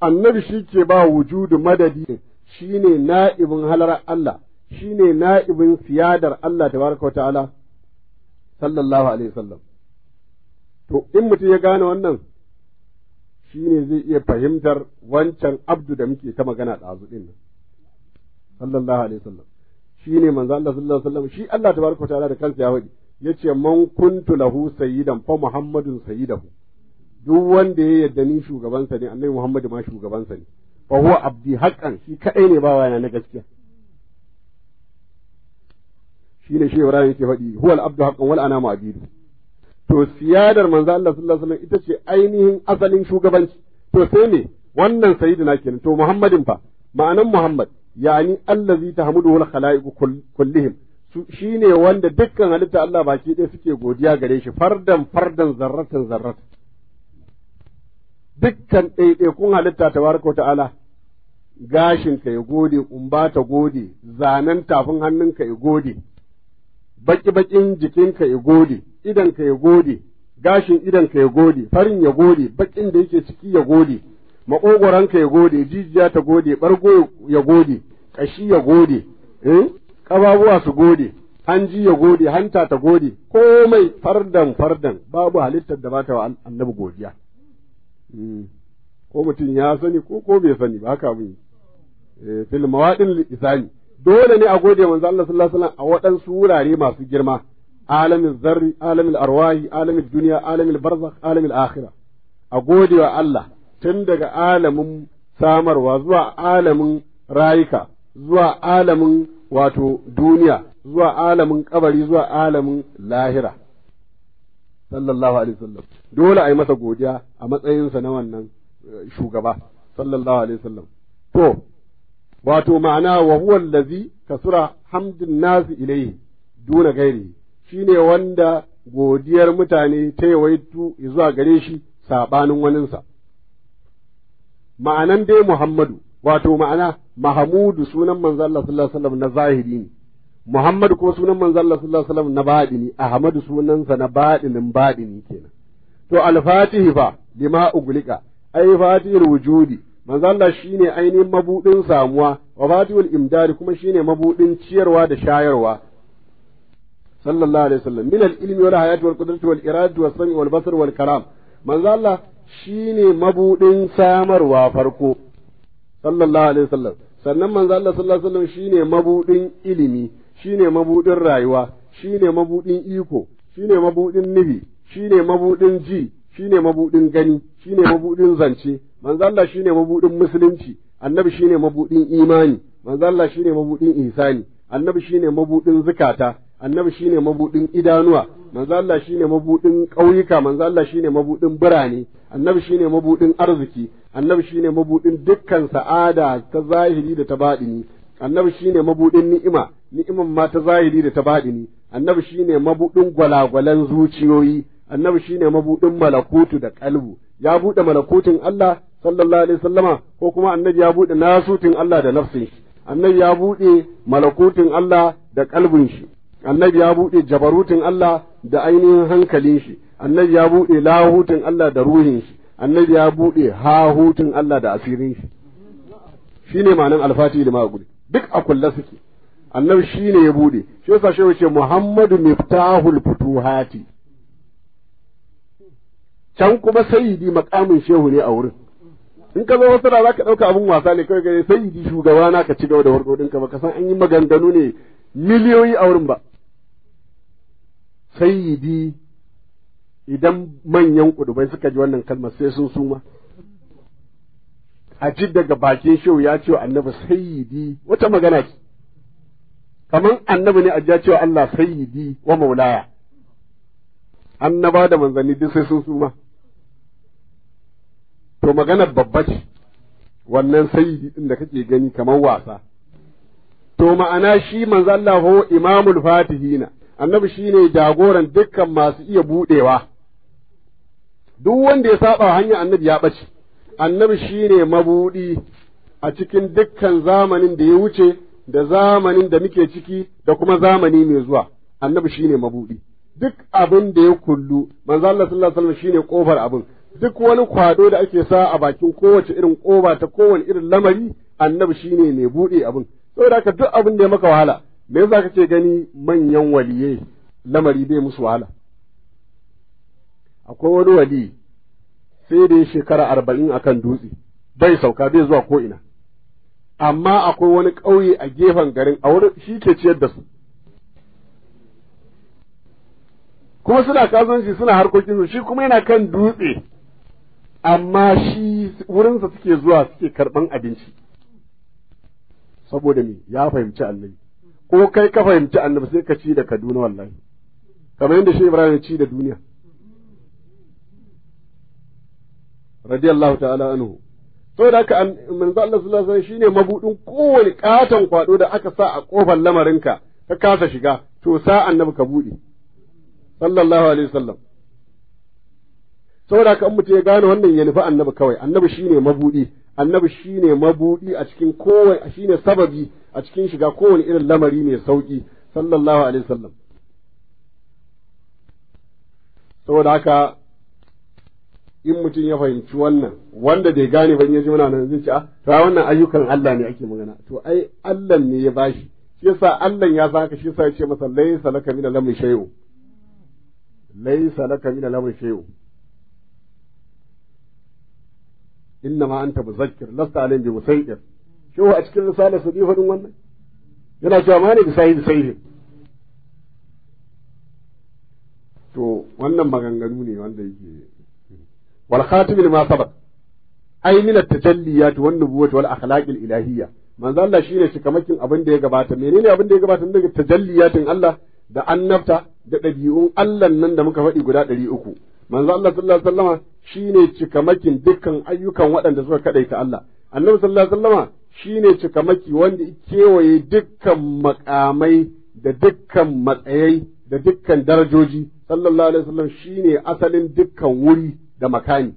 annabi shi ke ba wujudu madadi shi ne na'ibin halar Allah shi ne na'ibin siyadar Allah Ta baraka ta'ala sallallahu alaihi wasallam to in mutum ya gane wannan shi ne zai iya fahimtar wancan abdu da muke ta magana ɗazu ɗin nan sallallahu alaihi wasallam shi ne manzo Allah sallallahu alaihi wasallam shi Allah Ta baraka ta'ala da kansa ya faɗi ce man kuntu lahu sayyidan fa muhammadun sayyidahu duk wanda ya yarda ni shugabansa ne annabi Muhammadu ma shugabansa ne fa huwa abdi haqqan shi kadai ne ba wani na gaskiya shine shi Ibrahim yake faɗi huwa al-abdu haqqan wal ana ma'budu to siyadar manzo Allah sallallahu alaihi wasallam ita ce ainihin asalin shugabanci to sai me wannan sayyidina kenan to Muhammadin fa ma'anan Muhammad yani allazi tahmuduhu al-khalaiqu kullihim shine wanda dukkan halitta Allah baki ɗaya suke godiya gare shi fardan fardan zarratan zarratan dukkan ɗaiɗaikun halitta ta baraka ta'ala gashinka ya gode umba ta gode zanen tafin hannunka ya gode baki-bakin jikinka ya gode idanka ya gode gashin idanka ya gode farin ya gode bakin da yake ciki ya gode maƙogoranka ya gode jijiya ta gode ɓargo ya gode kashi ya gode ƙababuwa su gode hanji ya gode hanta ta gode komai fardan fardan babu halittar da ba ta wa annabi godiya Hmm. ko mutum ya sani ko ko bai sani ba haka abin eh, fil mawadin lisani dole ne a gode manzo Allah sallallahu alaihi wasallam a waɗansu wurare masu girma alamin zarri alamin arwahi alamin duniya alamin barzakh alamin akhirah a gode wa Allah tun daga alamin samarwa zuwa alamin rayuka zuwa alamin wato duniya zuwa alamin kabari zuwa alamin lahira sallallahu alaihi wasallam dole a yi masa godiya a matsayinsa na wannan eh, shugaba sallallahu alaihi wasallam to wato ma'ana wa huwa allazi kasura hamdin nasi ilayhi duna gairi shine wanda godiyar mutane ta yawaitu zuwa gare shi sabanin waninsa ma'anan dai Muhammadu wato ma'ana Mahamudu sunan manzo Allah sallallahu alaihi wasallam na zahiri ne Muhammadu kuma sunan manzo Allah sallallahu alaihi wasallam na badini Ahmadu sunansa na badinin baɗini kenan to alfatihi fa lima uglika ai fatihul wujudi manzo Allah shine ainihin mabudin samuwa wa fatihul imdari kuma shine mabudin ciyarwa da shayarwa sallallahu alaihi wasallam min al-ilmi wal hayati wal qudrati wal iradi was sam'i wal basar wal kalam manzo Allah shine mabudin samarwa farko sallallahu alaihi wasallam sannan manzo Allah sallallahu alaihi wasallam shine mabudin ilimi shine mabudin rayuwa shine mabudin iko shine mabudin nubi Shi ne mabudin ji Shi ne mabudin gani Shi ne mabudin zance manzalla Allah ne mabudin musulunci annabi shi ne mabudin imani manzalla Allah ne mabudin ihsani annabi shi ne mabudin zukata annabi shi ne mabudin idanuwa manzalla Allah ne mabudin ƙauyuka manzalla Allah ne mabudin birane annabi shi ne mabudin arziki annabi shi ne mabudin dukkan sa'ada ta zahiri da ta baɗini annabi shi ne mabudin ni'ima ni'iman ma ta zahiri da ta baɗini annabi ne mabudin gwalagwalan zuciyoyi annabi shine mabudin malakutu da kalbu ya bude malakutun Allah sallallahu alaihi wasallama ko kuma annabi ya bude nasutin Allah da nafsin shi annabi ya bude malakutin Allah da kalbin shi annabi ya bude jabarutin Allah da ainihin hankalin shi annabi ya bude lahutin Allah da ruhin shi annabi ya bude hahutin Allah da asirin shi shine ma'anan alfati da magul duk a kullu suke annabi shine ya bude shi yasa shehu ce muhammadu miftahul futuhati can kuma sayidi makamin shehu ne a wurin in ka zo wasu da za ka ɗauka abin wasa ne kawai gare sayidi shugaba na ka ci gaba da warkoɗinka ba ka san an yi maganganu ne miliyoyi a wurin ba sayidi idan manyan kudubai suka ji wannan kalmar sai sun suma a ji daga bakin shehu ya ce wa annabi sayyidi wata magana ce kamar annabi ne a ji ya ce wa Allah sayyidi wa maulaya annaba da manzanni duk sai sun suma to maganar babba ce wannan sayyidi din da kake gani kamar wasa to ma'ana shi manzo Allah ho imamul fatihina annabi shine jagoran dukkan masu iya budewa duk wanda ya saba hanya annabi ya bace annabi shine mabudi a cikin dukkan zamanin da ya wuce da zamanin da muke ciki da kuma zamani mai zuwa annabi shine mabudi duk abin da ya kullu manzo Allah sallallahu alaihi wasallam shine kofar abin duk wani kwado da ake sa a bakin kowace irin koba ta kowane irin lamari annabi shine mai buɗe abin saboda ka duk abin da ya maka wahala me yasa kace gani manyan waliyai lamari bai musu wahala akwai wani wali sai da shekara arba'in akan dutse bai sauka bai zuwa ko ina amma akwai wani ƙauye a gefen garin a wurin shi ke ciyar da su kuma suna kasuwanci suna harkokin shi kuma yana kan dutse amma shi wurinsa suke zuwa suke karɓan abinci saboda me ya fahimci annabi ko kai ka fahimci annabi sai ka ci da kaduna wallahi kamar yadda shi ibrahim ya ci da duniya radiyallahu ta'ala anhu saboda haka manzo Allah sallallahu alaihi shine mabudin kowane katon kwado da aka sa a kofar lamarinka ka kasa shiga to sa annabi ka bude sallallahu alaihi wasallam saboda haka mutum ya gane wannan ya nufi annabi kawai annabi shine mabudi annabi shine mabudi a cikin a shine sababi a cikin shiga kowane irin lamari mai sauki sallallahu alaihi wasallam saboda haka in mutum ya fahimci wannan wanda bai gane ban ya ji muna nan zai ce a ah, to wannan ayyukan Allah ne ake magana to ai Allah ne ya bashi shi yasa Allah ya san haka shi yasa ya ce masa laisa laka min al-amri laisa laysa laka min al shay'u inna ma anta muzakkir lasta alayhim bi musaytir shehu a cikin risala su bi fadin wannan yana cewa ma ne bi sahibi sahibi to wannan maganganu ne wanda yake wal khatim ma sabaq ai min at-tajalliyat wan nubuwwat wal akhlaq al-ilahiyya manzo Allah shine cikamakin abin da ya gabata menene abin da ya gabata daga tajalliyatin Allah da annabta da ɗabi'un Allah nan da muka faɗi guda ɗari uku manzo Allah sallallahu alaihi wasallama shine cikamakin dukkan ayyukan waɗanda suka kaɗaita Allah annabi sallallahu alaihi wasallama shine cikamaki wanda kewaye dukkan makamai da dukkan matsayai da dukkan darajoji sallallahu alaihi wasallam ne asalin dukkan wuri da makami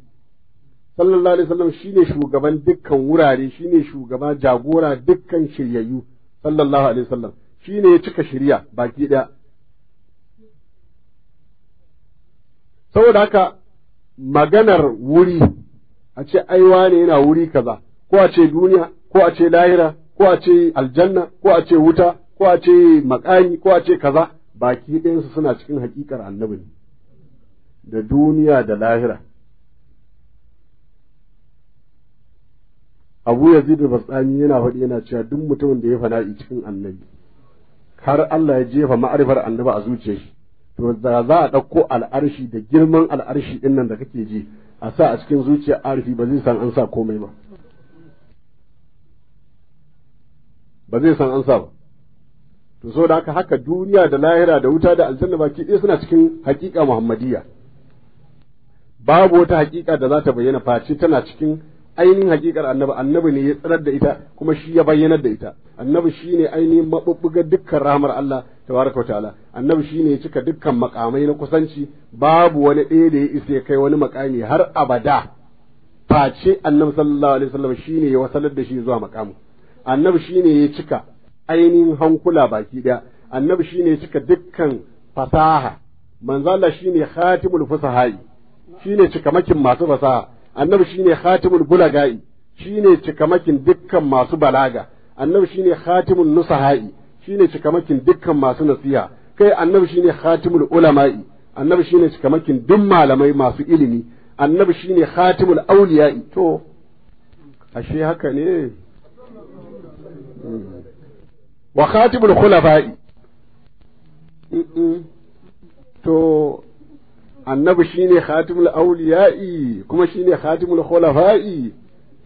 sallallahu alaihi wasallam ne shugaban dukkan wurare shi ne shugaba jagora dukkan shiryayyu sallallahu alaihi wasallam ne ya cika shirya baki ɗaya. saboda haka maganar wuri a ce aiwa ne yana wuri kaza ko a ce duniya ko a ce lahira ko a ce aljanna ko a ce wuta ko a ce makani ko a ce kaza baki ɗayansu suna cikin hakikar annabi ne da duniya da lahira abu yazid basani yana faɗi yana cewa duk mutumin da ya fana'i cikin annabi har Allah ya jefa ma'arifar annabi a zuciyarsa to da za a ɗauko al'arshi da girman al'arshi ɗin nan da kake ji a sa a cikin zuciya arifi ba zai san an sa komai ba ba zai san an sa ba to da haka haka duniya da lahira da wuta da aljanna baki ɗaya suna cikin haƙiƙa muhammadiyya babu wata haƙiƙa da za ta bayyana face tana cikin ainihin haƙiƙar annabi annabi ne ya tsirar da ita kuma shi ya bayyanar da ita annabi shi ne ainihin maɓuɓɓugar dukkan rahmar Allah tabaraka ta'ala annabi shine ya cika dukkan makamai na kusanci babu wani ɗaya da ya isa ya kai wani makami har abada face annabi sallallahu alaihi wasallam shine ya wasalar da shi zuwa makamu annabi shine ya cika ainihin hankula baki daya annabi shine ya cika dukkan fasaha manzo Allah shine khatimul fusahai shine cikamakin masu fasaha annabi shine khatimul bulagai shine cikamakin dukkan masu balaga annabi shine khatimul nusahai shine cikamakin dukkan masu nasiha kai annabi shine khatimul ulama'i annabi shine cikamakin duk malamai masu ilimi annabi shine khatimul auliya'i to ashe haka ne hmm. wa khatibul khulafa'i to annabi shine khatimul auliya'i kuma shine khatimul khulafa'i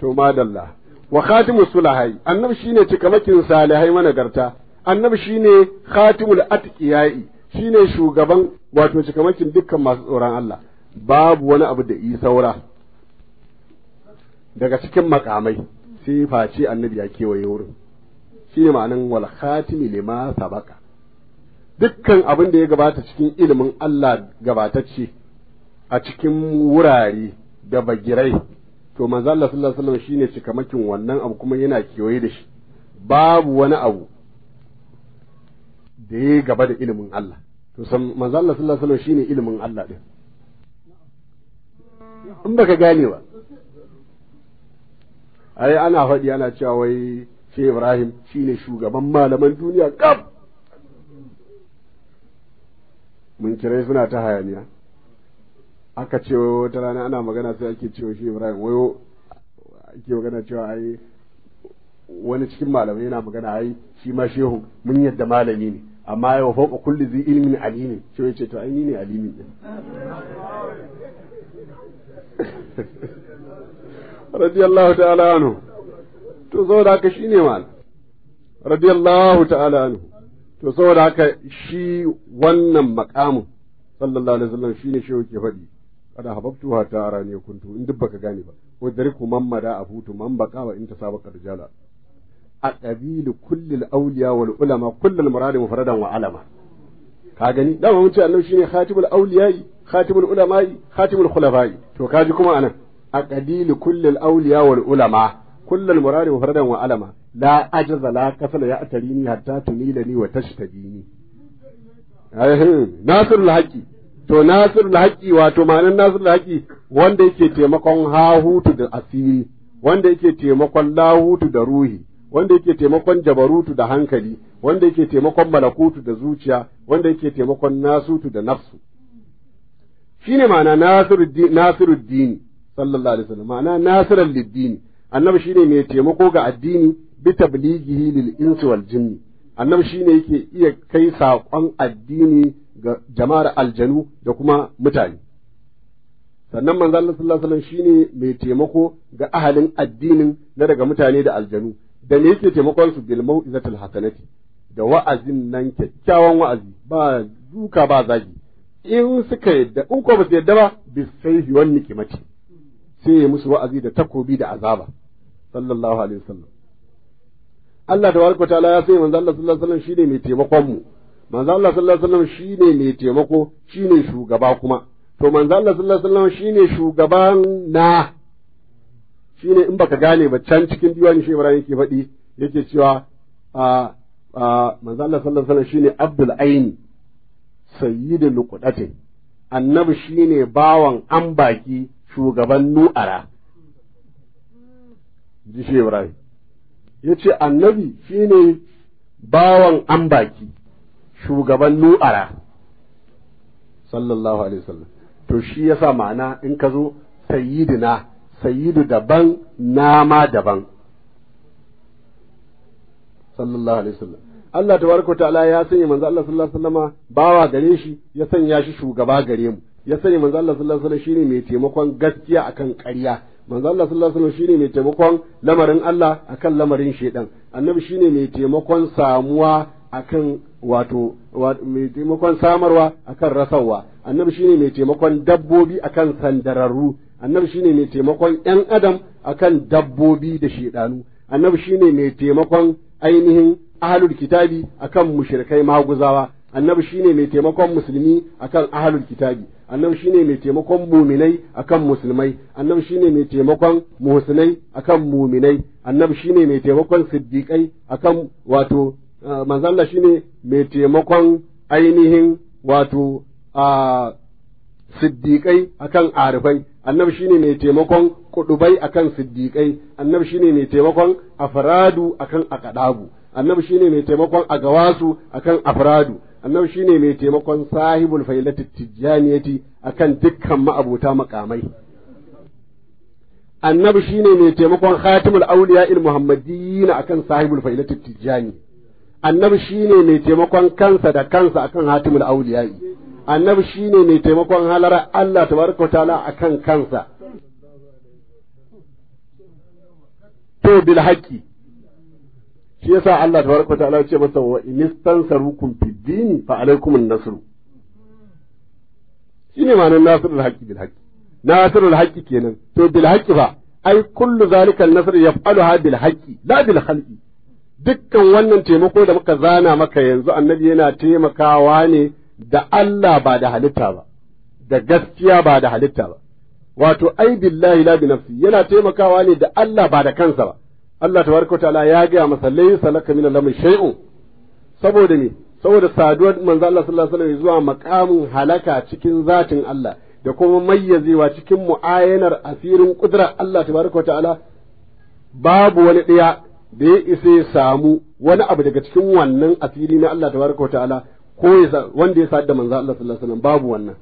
to madalla wa khatimul sulahai annabi shine cikamakin salihai managarta annabi shine khatimul atqiyai shine shugaban wato cikamakin dukkan masu tsoron Allah babu wani abu da yi saura daga cikin makamai sai face annabi ya kewaye wurin shine ma'anin wal khatimi lima sabaka dukkan abin da ya gabata cikin ilimin Allah gabatacce a cikin wurare da bagirai to manzo Allah sallallahu alaihi wasallam shine cikamakin wannan abu kuma yana kewaye da shi babu wani abu da ya gaba da ilimin Allah to san manzo Allah sallallahu alaihi shine ilimin Allah din in baka gane ba ai ana faɗi ana cewa wai shi Ibrahim shine shugaban malaman duniya kaf mun kira suna ta hayaniya aka ce wata rana ana magana sai ake cewa shi Ibrahim wayo ake magana cewa ai wani cikin malamai yana magana ai shi ma shehu mun yadda malami ne amma yau fauka kulli zai ilimin alimin sai ce to ainihin ne alimin ɗin radiyallahu ta'ala anhu to saboda haka ne ma radiyallahu ta'ala anhu to saboda haka shi wannan makamu sallallahu alaihi wasallam shine shi yake faɗi kada hababtu ta ne kuntu in duk baka gane ba ko dare ku da, abutu mamba kawa in ta sabaka rijala aqabil kullil awliya wal ulama kullal murad mufradan wa alama ka gani dama mun ce annabi shine khatibul awliyai khatibul ulamai khatibul khulafai to kaji kuma anan aqabil kullil awliya wal ulama kullal murad mufradan wa alama la ajza la kasala ya atarini hatta tunilani wa tashtabini nasirul haqqi to nasirul haqqi wato ma'anar nasirul haqqi wanda yake taimakon hahutu da asiri wanda yake taimakon lahutu da ruhi wanda yake taimakon jabarutu da hankali wanda yake taimakon malakutu da zuciya wanda yake taimakon nasutu da nafsu shine ma'ana nasiruddin sallallahu alaihi wasallam ma'ana nasiran liddini annabi shine mai taimako ga addini bi tablighihi lil insi wal jinni annabi shine yake iya kai saƙon addini ga jama'ar aljanu da kuma mutane sannan manzo Allah sallallahu alaihi wasallam shine mai taimako ga ahalin addinin na daga mutane da aljanu da me yake taimakon su bil mau'izatul hasanati da wa'azin nan kyakkyawan wa'azi ba duka ba zagi in suka yadda in ko ba su yadda ba sai yi wani nikimati sai ya musu wa'azi da takobi da azaba sallallahu alaihi wasallam Allah tabaraka ta'ala ya sai manzo Allah sallallahu alaihi wasallam shine mai taimakon mu manzo Allah sallallahu alaihi wasallam shine mai taimako shine shugaba kuma to manzo Allah sallallahu alaihi wasallam shine shugaban na Shi ne in baka gane ba can cikin diwani shi Ibrahim yake faɗi yake cewa a a manzo Allah sallallahu alaihi shine Abdul Aini sayyidu luqdatin annabi shine bawan an baki shugaban nu'ara ji shi Ibrahim yace annabi shine bawan an baki shugaban nu'ara sallallahu alaihi wasallam to shi yasa ma'ana in ka zo sayyidina sayyidu daban nama daban sallallahu alaihi wasallam Allah tabaraka ta'ala ya sanya manzo Allah sallallahu alaihi wasallama bawa gare shi ya sanya shi shugaba gare mu ya sanya manzo Allah sallallahu alaihi wasallam shine mai taimakon gaskiya akan ƙarya manzo Allah sallallahu alaihi wasallam shine mai taimakon lamarin Allah akan lamarin shedan annabi shine mai taimakon samuwa akan wato mai taimakon samarwa akan rasawa annabi shine mai taimakon dabbobi akan sandararru annabi shine mai taimakon ‘yan adam akan dabbobi da shiɗanu annabi shine mai taimakon ainihin ahalul kitabi akan mushrikai maguzawa annabi shine mai taimakon musulmi akan ahalul kitabi annabi shine mai taimakon muminai akan musulmai annabi shine mai taimakon muhsinai akan muminai annabi shine mai taimakon siddiqai akan wato ah, manzo Allah shine mai taimakon ainihin wato a ah, siddiƙai akan arifai annabi shine mai taimakon kudubai akan siddiƙai annabi shine mai taimakon afradu akan akadabu annabi shine mai taimakon agawasu akan afradu annabi shine mai taimakon sahibul tijjaniyati a akan dukkan ma'abuta makamai annabi shine mai taimakon khatimul auliya il a akan sahibul failati annab annabi shine mai taimakon kansa da kansa akan hatimul auliya annabi shine mai taimakon halara Allah tabaraka ta'ala akan kansa to bil haƙƙi shi yasa Allah tabaraka ta'ala ya ce masa wa inistansarukum fid din fa alaikum an-nasr shine Nasiru da haƙƙi bil haqqi nasrul haƙƙi kenan to bil haqqi fa ai kullu nasiru ya faɗo ha bil haƙƙi. la bil haƙƙi. dukkan wannan taimako da muka zana maka yanzu annabi yana taimakawa ne da Allah ba da halitta ba da gaskiya ba da halitta ba wato ai billahi la bi nafsi yana taimakawa ne da Allah ba da kansa ba Allah tabaraka ta'ala ya gaya masa laysa laka min al-amri saboda me saboda saduwar manzo Allah sallallahu alaihi wasallam zuwa makamin halaka cikin zatin Allah da kuma mayyazewa cikin mu'ayanar asirin kudrar Allah tabaraka ta'ala babu wani ɗaya da ya isa ya samu wani abu daga cikin wannan asiri na Allah tabaraka ta'ala ko wanda ya sadu da manzo Allah sallallahu alaihi wasallam babu wannan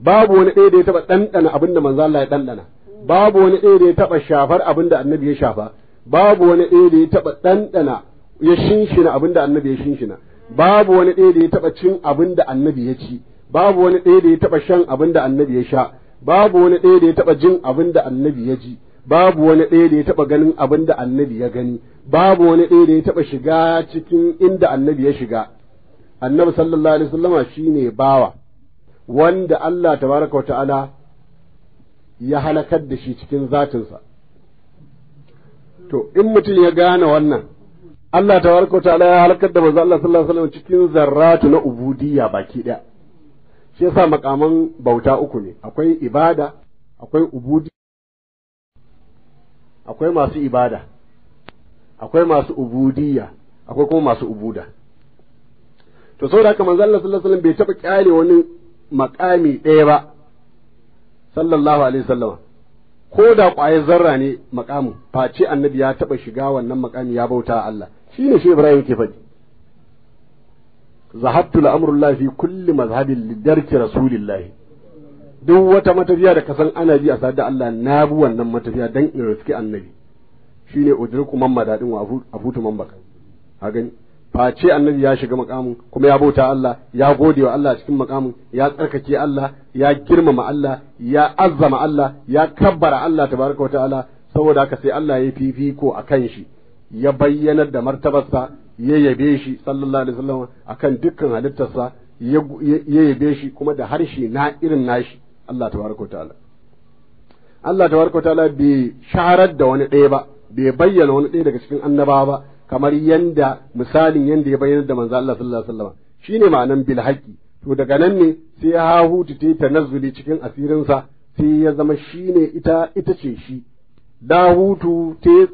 babu wani ɗaya da ya taɓa ɗanɗana abin da manzo Allah ya ɗanɗana babu wani ɗaya da ya taɓa shafar abin da annabi ya shafa babu wani ɗaya da ya taɓa ɗanɗana ya shinshina abin da annabi ya shinshina babu wani ɗaya da ya taɓa cin abin da annabi ya ci babu wani ɗaya da ya taɓa shan abin da annabi ya sha babu wani ɗaya da ya taɓa jin abin da annabi ya ji babu wani ɗaya da ya taɓa ganin abin da annabi ya gani babu wani ɗaya da ya taɓa shiga cikin inda annabi ya shiga annabi sallallahu alaihi wasallama shine bawa wanda Allah tabaraka ta'ala ya halakar da shi cikin zatinsa to in mutum ya gane wannan Allah tabaraka ta'ala ya halakar da manzo Allah sallallahu alaihi cikin zarratu na ubudiyya baki ɗaya shi yasa makaman bauta uku ne akwai ibada akwai ubudi akwai masu ibada akwai masu ubudiyya akwai kuma masu ubuda to saboda haka manzo Allah sallallahu alaihi wasallam bai taba kyale wani makami ɗaya ba sallallahu alaihi wasallam ko da kwaye zarra ne makamu face annabi ya taba shiga wannan makami ya bauta Allah shine shi Ibrahim ke faɗi zahattu al'amru kulli mazhabin lidarki rasulillahi duk wata matafiya da kasan ana bi a sadar Allah na bi wannan matafiya dan in riski annabi shine udriku mamma daɗin wa a man baka a gani face annabi ya shiga makamin kuma ya bauta Allah ya gode wa Allah cikin makamin ya tsarkake Allah ya girmama Allah ya azzama Allah ya kabbara Allah tabaraka ta'ala saboda haka sai Allah ya fifiko akan shi ya bayyanar da martabarsa ya yabe shi sallallahu alaihi wasallam akan dukkan halittarsa ya yabe shi kuma da harshe na irin nashi Allah tabaraka ta'ala Allah tabaraka ta'ala bai shaharar da wani ɗaya ba bai bayyana wani ɗaya daga cikin annabawa ba kamar yanda misalin yanda ya bayyana da manzo Allah sallallahu alaihi wasallam shine ma'anan bil to daga nan ne sai ya hahu ta tanazzuli cikin asirinsa sai ya zama shine ita ita ce shi dahutu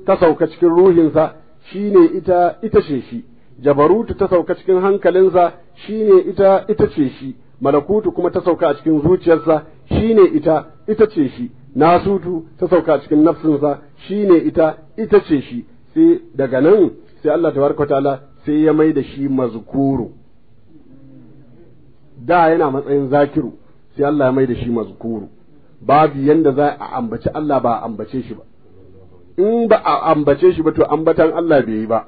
ta sauka cikin ruhinsa shine ita ita ce shi jabarutu ta sauka cikin hankalinsa shine ita ita ce shi malakutu kuma ta sauka a cikin zuciyarsa shine ita ita ce shi nasutu ta sauka a cikin nafsinsa shine ita ita ce shi sai daga nan sai Allah tabaraka ta'ala sai ya mai da shi mazkuru da yana matsayin zakiru sai Allah ya mai da shi mazkuru babu yanda za a ambaci Allah ba a ambace shi ba in ba a ambace shi ba to ambatan Allah bai yi ba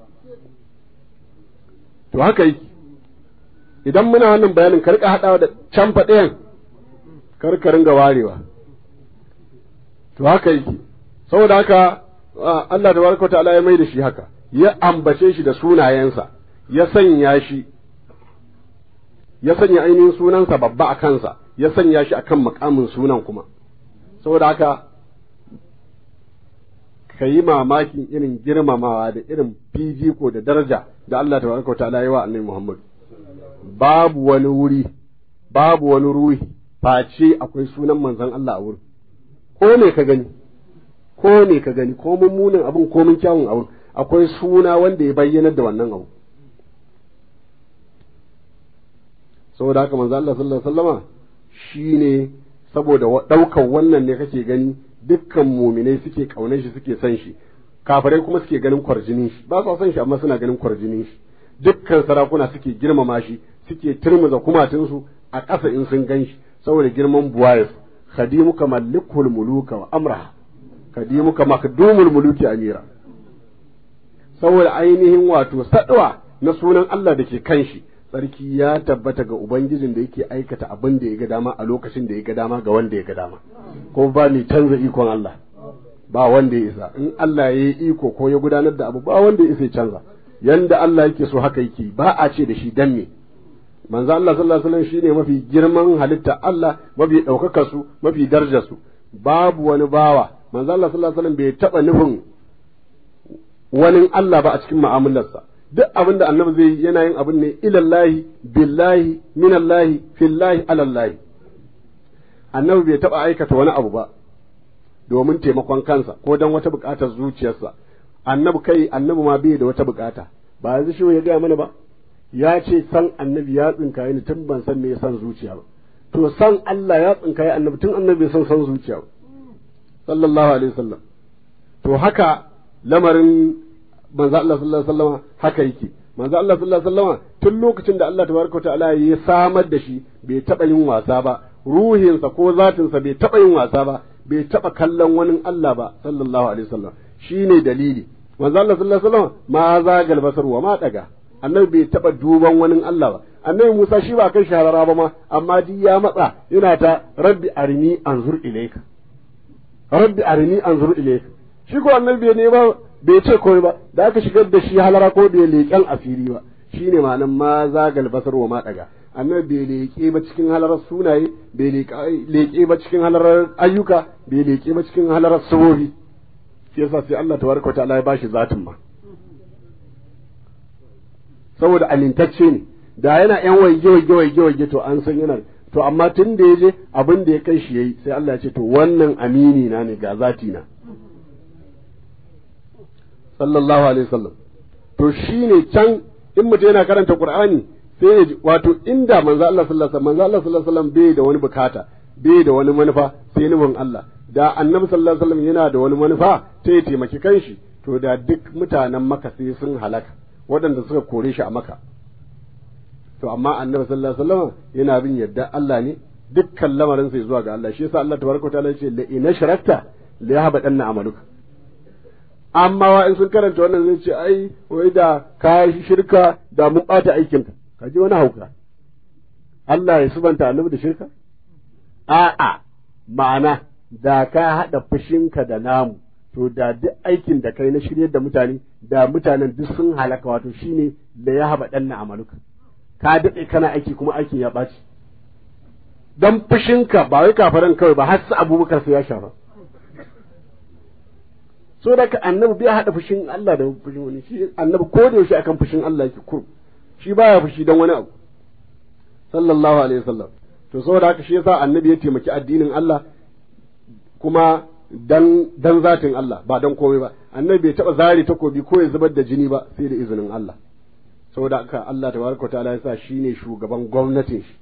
to haka yi. idan muna wannan bayanin ka haɗawa da can faɗayan kar ka ringa warewa to haka yake saboda haka Allah tabaraka ta'ala ya mai da shi haka ya ambace shi da sunayensa ya sanya shi ya sanya ainihin sunansa babba a kansa ya sanya shi akan makamin sunan kuma saboda haka ka yi mamakin irin girmamawa da irin fifiko da daraja da Allah tabaraka ta'ala ya wa annabi Muhammad babu wani wuri babu wani ruhi face akwai sunan manzon Allah a wurin ko ne ka gani ko ne ka gani ko munin abin ko mun kyawun abin akwai suna wanda ya bayyana da wannan abu saboda haka manzon Allah sallallahu alaihi wasallama shine saboda ɗaukar wannan ne kake gani dukkan muminai suke kaunar shi suke san shi kafirai kuma suke ganin kwarjinin shi ba su san shi amma suna ganin kwarjinin shi dukkan sarakuna suke girmama shi suke turmuza kumatunsu a ƙasa in sun gan shi saboda girman buwayes ka malikul muluka wa amraha ka makdumul muluki amira saboda ainihin wato saɗuwa na sunan Allah da ke kan shi sarki ya tabbata ga ubangijin da yake aikata abin da ya ga dama a lokacin da ya ga dama ga wanda ya ga dama ko ba ni canza ikon Allah ba wanda ya isa in Allah ya yi iko ko ya gudanar da abu ba wanda ya isa ya canza yanda Allah yake so haka yake ba a ce da shi dan me manzo Allah sallallahu alaihi wasallam shine mafi girman halitta Allah mafi ɗaukakar su mafi darajar su babu wani bawa manzo Allah sallallahu alaihi wasallam bai taba nufin wani Allah ba a cikin mu'amalarsa duk abin da annabi zai yana yin abin ne ilallahi billahi minallahi fillahi alallahi annabi bai taba aikata wani abu ba domin taimakon kansa ko dan wata bukatar zuciyarsa annabi kai annabi ma bai da wata bukata ba yanzu shi ya gaya mana ba ya ce san annabi ya tsinkaye ni tun ban san me ya san zuciya ba to san Allah ya tsinkaye annabi tun annabi san san zuciya ba sallallahu alaihi wasallam to haka lamarin manzo Allah sallallahu alaihi wasallam haka yake manzo Allah sallallahu alaihi wasallam tun lokacin da Allah tabaraka ta'ala ya samar da shi bai taba yin wasa ba ruhinsa ko zatinsa bai taba yin wasa ba bai taba kallon wani Allah ba sallallahu alaihi wasallam Shi ne dalili manzo Allah sallallahu alaihi wasallam ma zagal basar wa ma daga annabi bai taba duban wani Allah ba annabi Musa shi ba kan shahararra ba ma amma ji ya matsa yana ta rabbi arini anzur ilayka rabbi arini anzur ilayka shi ko annabi ne ba bai ce komai ba da aka shigar da shi halara ko bai leƙen asiri ba shine malam ma zagal basar wa ma daga annabi bai leƙe ba cikin halarar sunaye bai leƙe ba cikin halarar ayyuka bai leƙe ba cikin halarar sabobi shi yasa sai Allah tabaraka wa ta'ala ya bashi zatin ba saboda alintacce ne da yana yan waige waige waige waige to an san yana to amma tun da ya je abin da ya kai shi yayi sai Allah ya ce to wannan amini na ne ga zati na sallallahu alaihi wasallam to shine can in mutum yana karanta qur'ani sai ya wato inda manzo Allah sallallahu alaihi wasallam manzo Allah sallallahu alaihi wasallam bai da wani bukata bai da wani manufa sai nufin Allah da annabi sallallahu alaihi wasallam yana da wani manufa ta ya taimaki kanshi to da duk mutanen maka sai sun halaka waɗanda suka kore shi a maka to amma annabi sallallahu alaihi wasallam yana bin yadda Allah ne dukkan lamarin sai zuwa ga Allah shi yasa Allah tabaraka ta'ala ya ce la in shirakta la yahbadanna amaluka amma wa in sun karanta wannan zai ce ai wai da ka shirka da mun bata aikinka kaji wani hauka Allah ya subanta annabi da shirka a'a ma'ana da ka haɗa fushinka da namu to da duk aikin da kai na shirye da mutane da mutanen duk sun halaka wato shine da ya haɓa ɗan na amaluka ka daɗe kana aiki kuma aikin ya ɓaci don fushinka ba wai kafaran kawai ba har su abubakar su ya shafa so da ka annabi bai haɗa fushin Allah da fushin wani shi annabi ko da yaushe akan fushin Allah yake kurum. shi baya fushi don wani abu sallallahu alaihi wasallam to saboda haka shi yasa annabi ya taimaki addinin Allah kuma dan dan zatin Allah ba dan komai ba annabi bai taba zari takobi ko ya zubar da jini ba sai da izinin Allah saboda haka Allah tabaraka ta'ala ya sa shine shugaban gwamnatin shi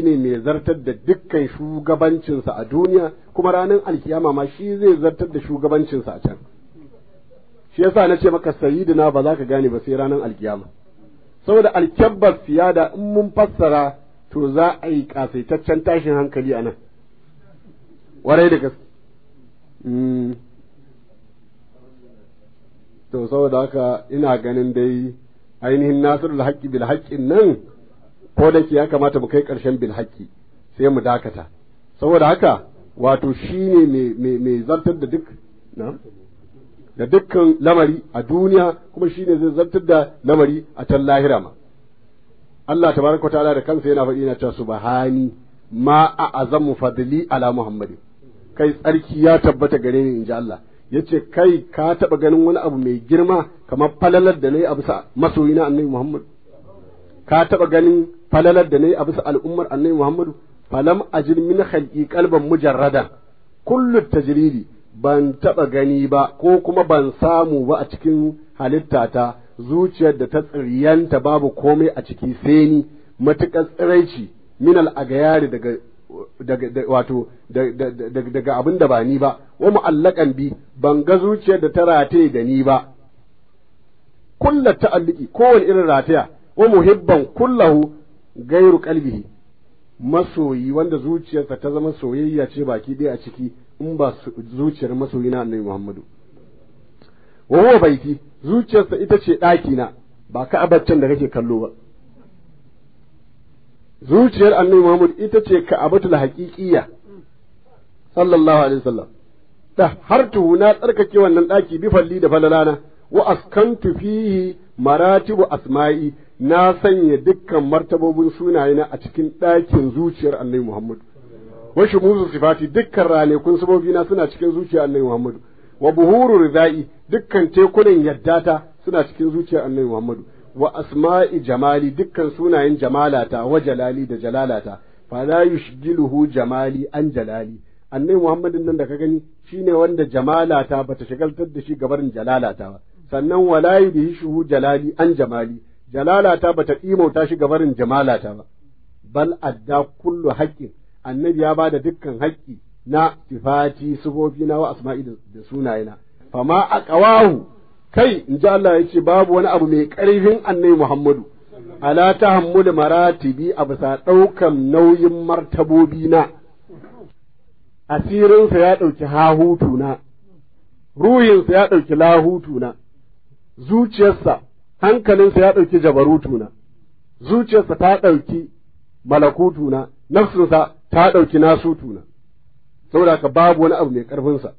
shine mai zartar da dukkan shugabancinsa a duniya kuma ranar alkiyama ma shi zai zartar da shugabancinsa a can shi yasa nace maka sayyidina ba za ka gane ba sai ranar alkiyama saboda alkyabbar da in mun fassara to za a yi kasaitaccen tashin hankali a nan warai da gaske mm. to saboda haka ina ganin dai ainihin nasarar haqqi bil haƙƙin nan ko da ke ya kamata mu kai ƙarshen bil haqqi sai mu dakata saboda haka wato shine mai mai zartar da duk da dukkan lamari a duniya kuma shine zai zartar da lamari a can lahira ma Allah tabaraka ta'ala da kansa yana faɗi yana cewa subhani ma a azamu fadli ala muhammadin kai tsarki ya tabbata gare ni in ji Allah ya ce kai ka taba ganin wani abu mai girma kamar falalar da nayi a bisa masoyi na annabi Muhammad ka taba ganin falalar da nayi a bisa al'ummar annabi Muhammad falam ajir min khalqi qalban mujarrada kullu tajridi ban taba gani ba ko kuma ban samu ba a cikin halittata zuciyar da ta tsiryanta babu komai a ciki sai ni matuƙar tsiraici minal agayari daga wato daga abin da ba ni ba wa mu'allakan bi ban ga zuciyar da ta rataye da ni ba kulla ta'alliki kowane irin rataya wa muhibban kullahu gairu kalbihi masoyi wanda zuciyarsa ta zama soyayya ce baki ɗaya a ciki in ba zuciyar masoyi na annabi Muhammadu wa huwa baiti zuciyarsa ita ce na ba ka abaccen da kake kallo ba zuciyar annabi Muhammad ita ce abatul haƙiƙiya sallallahu alaihi wasallam da har tuhuna tsarkake wannan daki bi falli da falalana wa askantu fihi maratibu asma'i na sanya dukkan martabobin sunayena a cikin dakin zuciyar annabi Muhammad wa shumuzu sifati dukkan ranakun sabobina suna cikin zuciyar annabi Muhammad wa buhuru ridai dukkan tekunan yaddata suna cikin zuciyar annabi Muhammad wa asma'i jamali dukkan sunayen jamalata wa jalali da jalalata la yushgiluhu jamali an jalali annabi muhammadin nan da ka gani shine wanda jamalata bata shagaltar da shi gabarin jalalata ba sannan la yudhishuhu jalali an jamali jalalata bata imauta shi gabarin jamalata ba bal adda kullu haqqin annabi ya bada dukkan haƙƙi na sifati sufofi na wa asma'i da sunayena fama aqawahu kai in ji Allah ya ce babu wani abu mai ƙarfin annai Muhammadu ala ta hammuli maratibi a bisa ɗaukan nauyin martabobi na asirinsa ya ɗauki hahutu na ruhinsa ya ɗauki lahutu na zuciyarsa hankalinsa ya ɗauki jabarutu na zuciyarsa ta ɗauki malakutu na nafsinsa ta ɗauki nasutu na saboda ka babu wani abu mai ƙarfinsa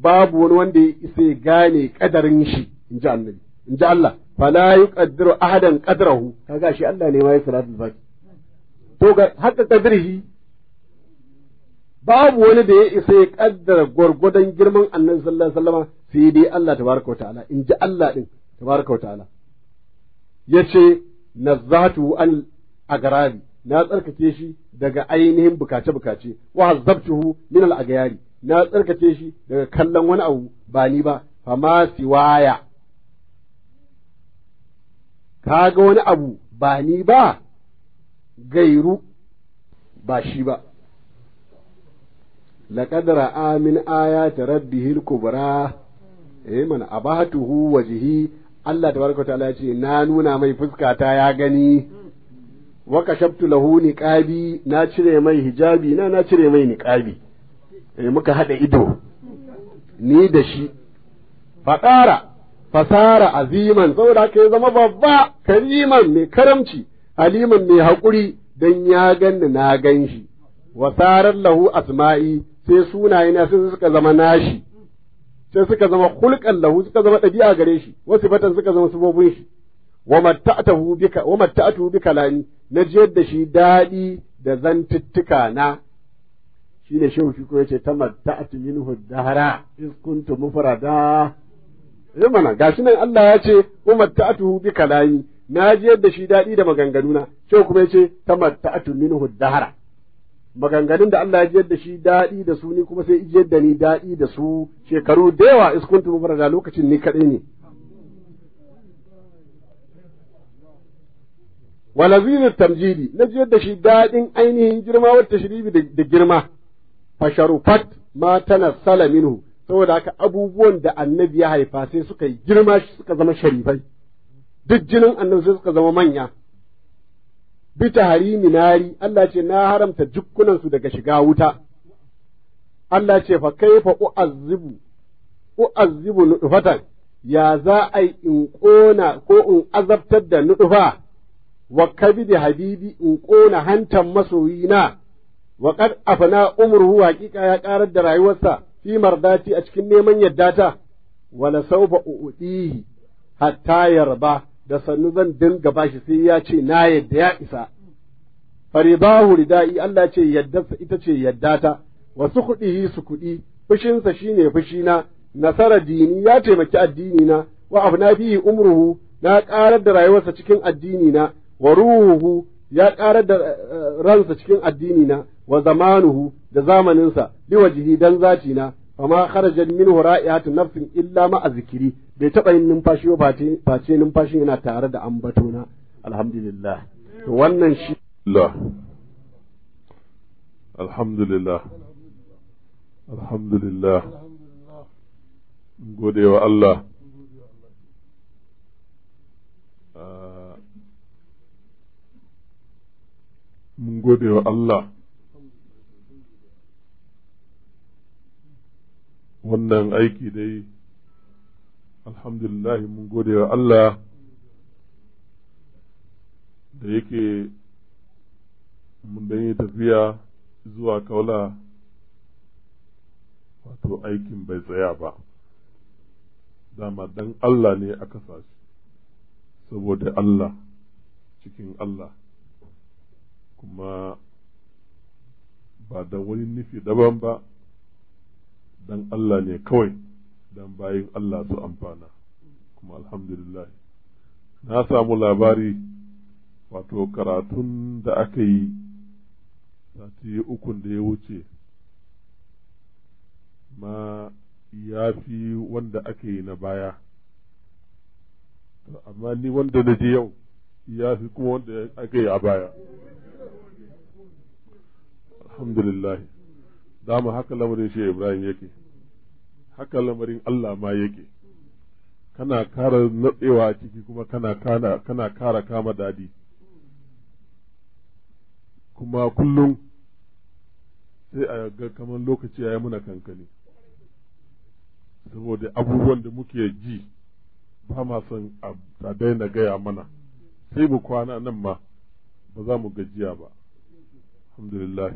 babu wani wanda ya isa ya gane kadarin shi in ji annabi in ji Allah fala yuqaddiru ahadan qadrahu kaga shi Allah ne ma salatu salatul zaki to ga haka kadrihi babu wani da ya isa ya kaddara gwargwadon girman annabi sallallahu alaihi wasallam sai dai Allah tabaraka wa ta'ala in ji Allah din tabaraka wa ta'ala yace nazatu an agrabi na tsarkake shi daga ainihin bukace-bukace wa hazzabtuhu min al-aghyari na tsarkake shi daga kallon wani abu ba ni ba fama siwaya kaga wani abu ba ni ba gairu ba shi ba ra'a min ayati rabbihi al-kubra eh mana abahatuhu wajihi Allah tabaraka ta'ala ya ce na nuna mai fuskata ya gani wa lahu niqabi na cire mai hijabi na na cire mai niqabi eh muka hada ido ni da shi faqara fasara aziman saboda kai zama babba kariman mai karamci aliman mai hakuri dan ya ganni na ganshi shi wasarar lahu asma'i sai na sai suka zama nashi sai suka zama hulƙan lahu suka zama ɗabi'a gare shi wasu fatan suka zama sabobin shi wa matta'atuhu bika wa bika kalami na jiyar da shi daɗi da zantuttuka na shi ne shehu shi ya ce ta matta'atu minhu dahara in kuntu mufrada eh mana gashi nan Allah ya ce wa matta'atu bi kalami na jiyar da shi daɗi da maganganuna shehu kuma ya ce ta matta'atu minhu dahara maganganun da Allah ya jiyar da shi daɗi da su ni kuma sai jiyar da ni daɗi da su shekaru da yawa iskuntu mufrada lokacin ni kaɗai ne wa lazizul tamjidi na da shi daɗin ainihin girma wata shiribi da girma fasharufat ma tanassala minhu saboda haka abubuwan da annabi ya haifa sai suka yi girma suka zama sharifai duk jinin annabi sai suka zama manya bita harimi nari Allah ce na haramta jukkunansu daga shiga wuta Allah ce fa kaifa u'azibu u'azzibu nudufatan ya za a in ƙona ko in azabtar da nudufa wa da habibi in ƙona hantan masoyina wa kad afana umruhu haqiqa ya ƙarar da rayuwarsa fi mardati a cikin neman yaddata wala saufa uɗihi hatta yarba da sannu zan dinga bashi sai ya ce na yadda ya isa faribahu rida'i Allah ce yaddarsa ita ce yadda ta, wasu kuɗi su kuɗi fushinsa shine na, nasara dini ya taimaki addini na wa afna fihi umruhu na ƙarar da rayuwarsa cikin addini na wa ruhu ya ƙarar da eh, ransa cikin addini na wa zamanuhu da zamaninsa bi wajihi dan zaci na fa ma kharajat minhu ra'ihatu nafsin illa ma azkiri bai taba yin numfashi ba face numfashin yana tare da ambato na alhamdulillah to wannan shi Allah alhamdulillah alhamdulillah godewa Allah mun gode wa Allah wannan aiki dai alhamdulillah mun gode wa Allah da yake mun tafiya zuwa kaula wato aikin bai tsaya ba dama dan Allah ne aka sashi saboda Allah cikin Allah kuma ba da wani nufi daban ba don Allah ne kawai don bayin Allah su amfana kuma alhamdulillah na samu labari wato karatun da aka yi sati ukun da ya wuce ma ya fi wanda aka yi na baya amma ni wanda na je yau ya fi kuma wanda aka yi a baya alhamdulillah dama haka lamarin shi Ibrahim yake haka lamarin Allah ma yake kana kara natsewa ciki kuma kana kana kana kara kama dadi kuma kullum sai a ga kamar lokaci ya yi muna kankani saboda abubuwan da muke ji ba ma son a daina gaya mana sai mu kwana nan ma ba za mu gajiya ba alhamdulillah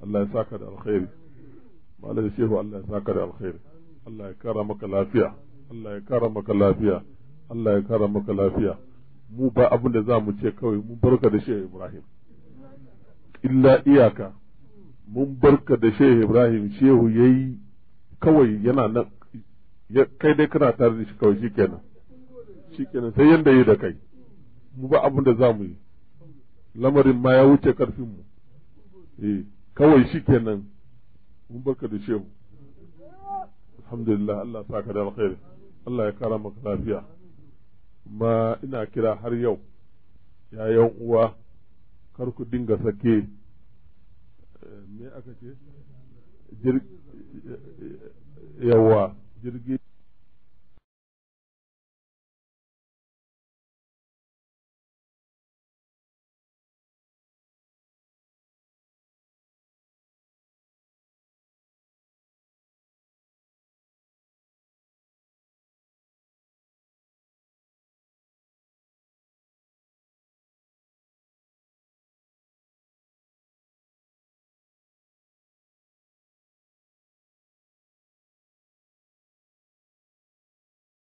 Allah ya saka da alkhairi malam shehu Allah ya saka da alkhairi Allah ya kara maka lafiya Allah ya kara maka lafiya Allah ya kara maka lafiya mu ba abin da za mu ce kawai mun barka da shehu Ibrahim illa iyaka mun barka da shehu Ibrahim shehu yayi kawai yana nan kai dai kana tare da shi kawai shikenan shikenan sai yanda yi da kai mu ba abin da za mu yi lamarin ma ya wuce karfin mu eh kawai shi kenan mun barka da shehu alhamdulillah Allah sa ka da alkhairi Allah ya kara maka lafiya amma ina kira har yau Ya yan uwa kar ku dinga sake eh, me aka ce eh, eh, yawa jirgi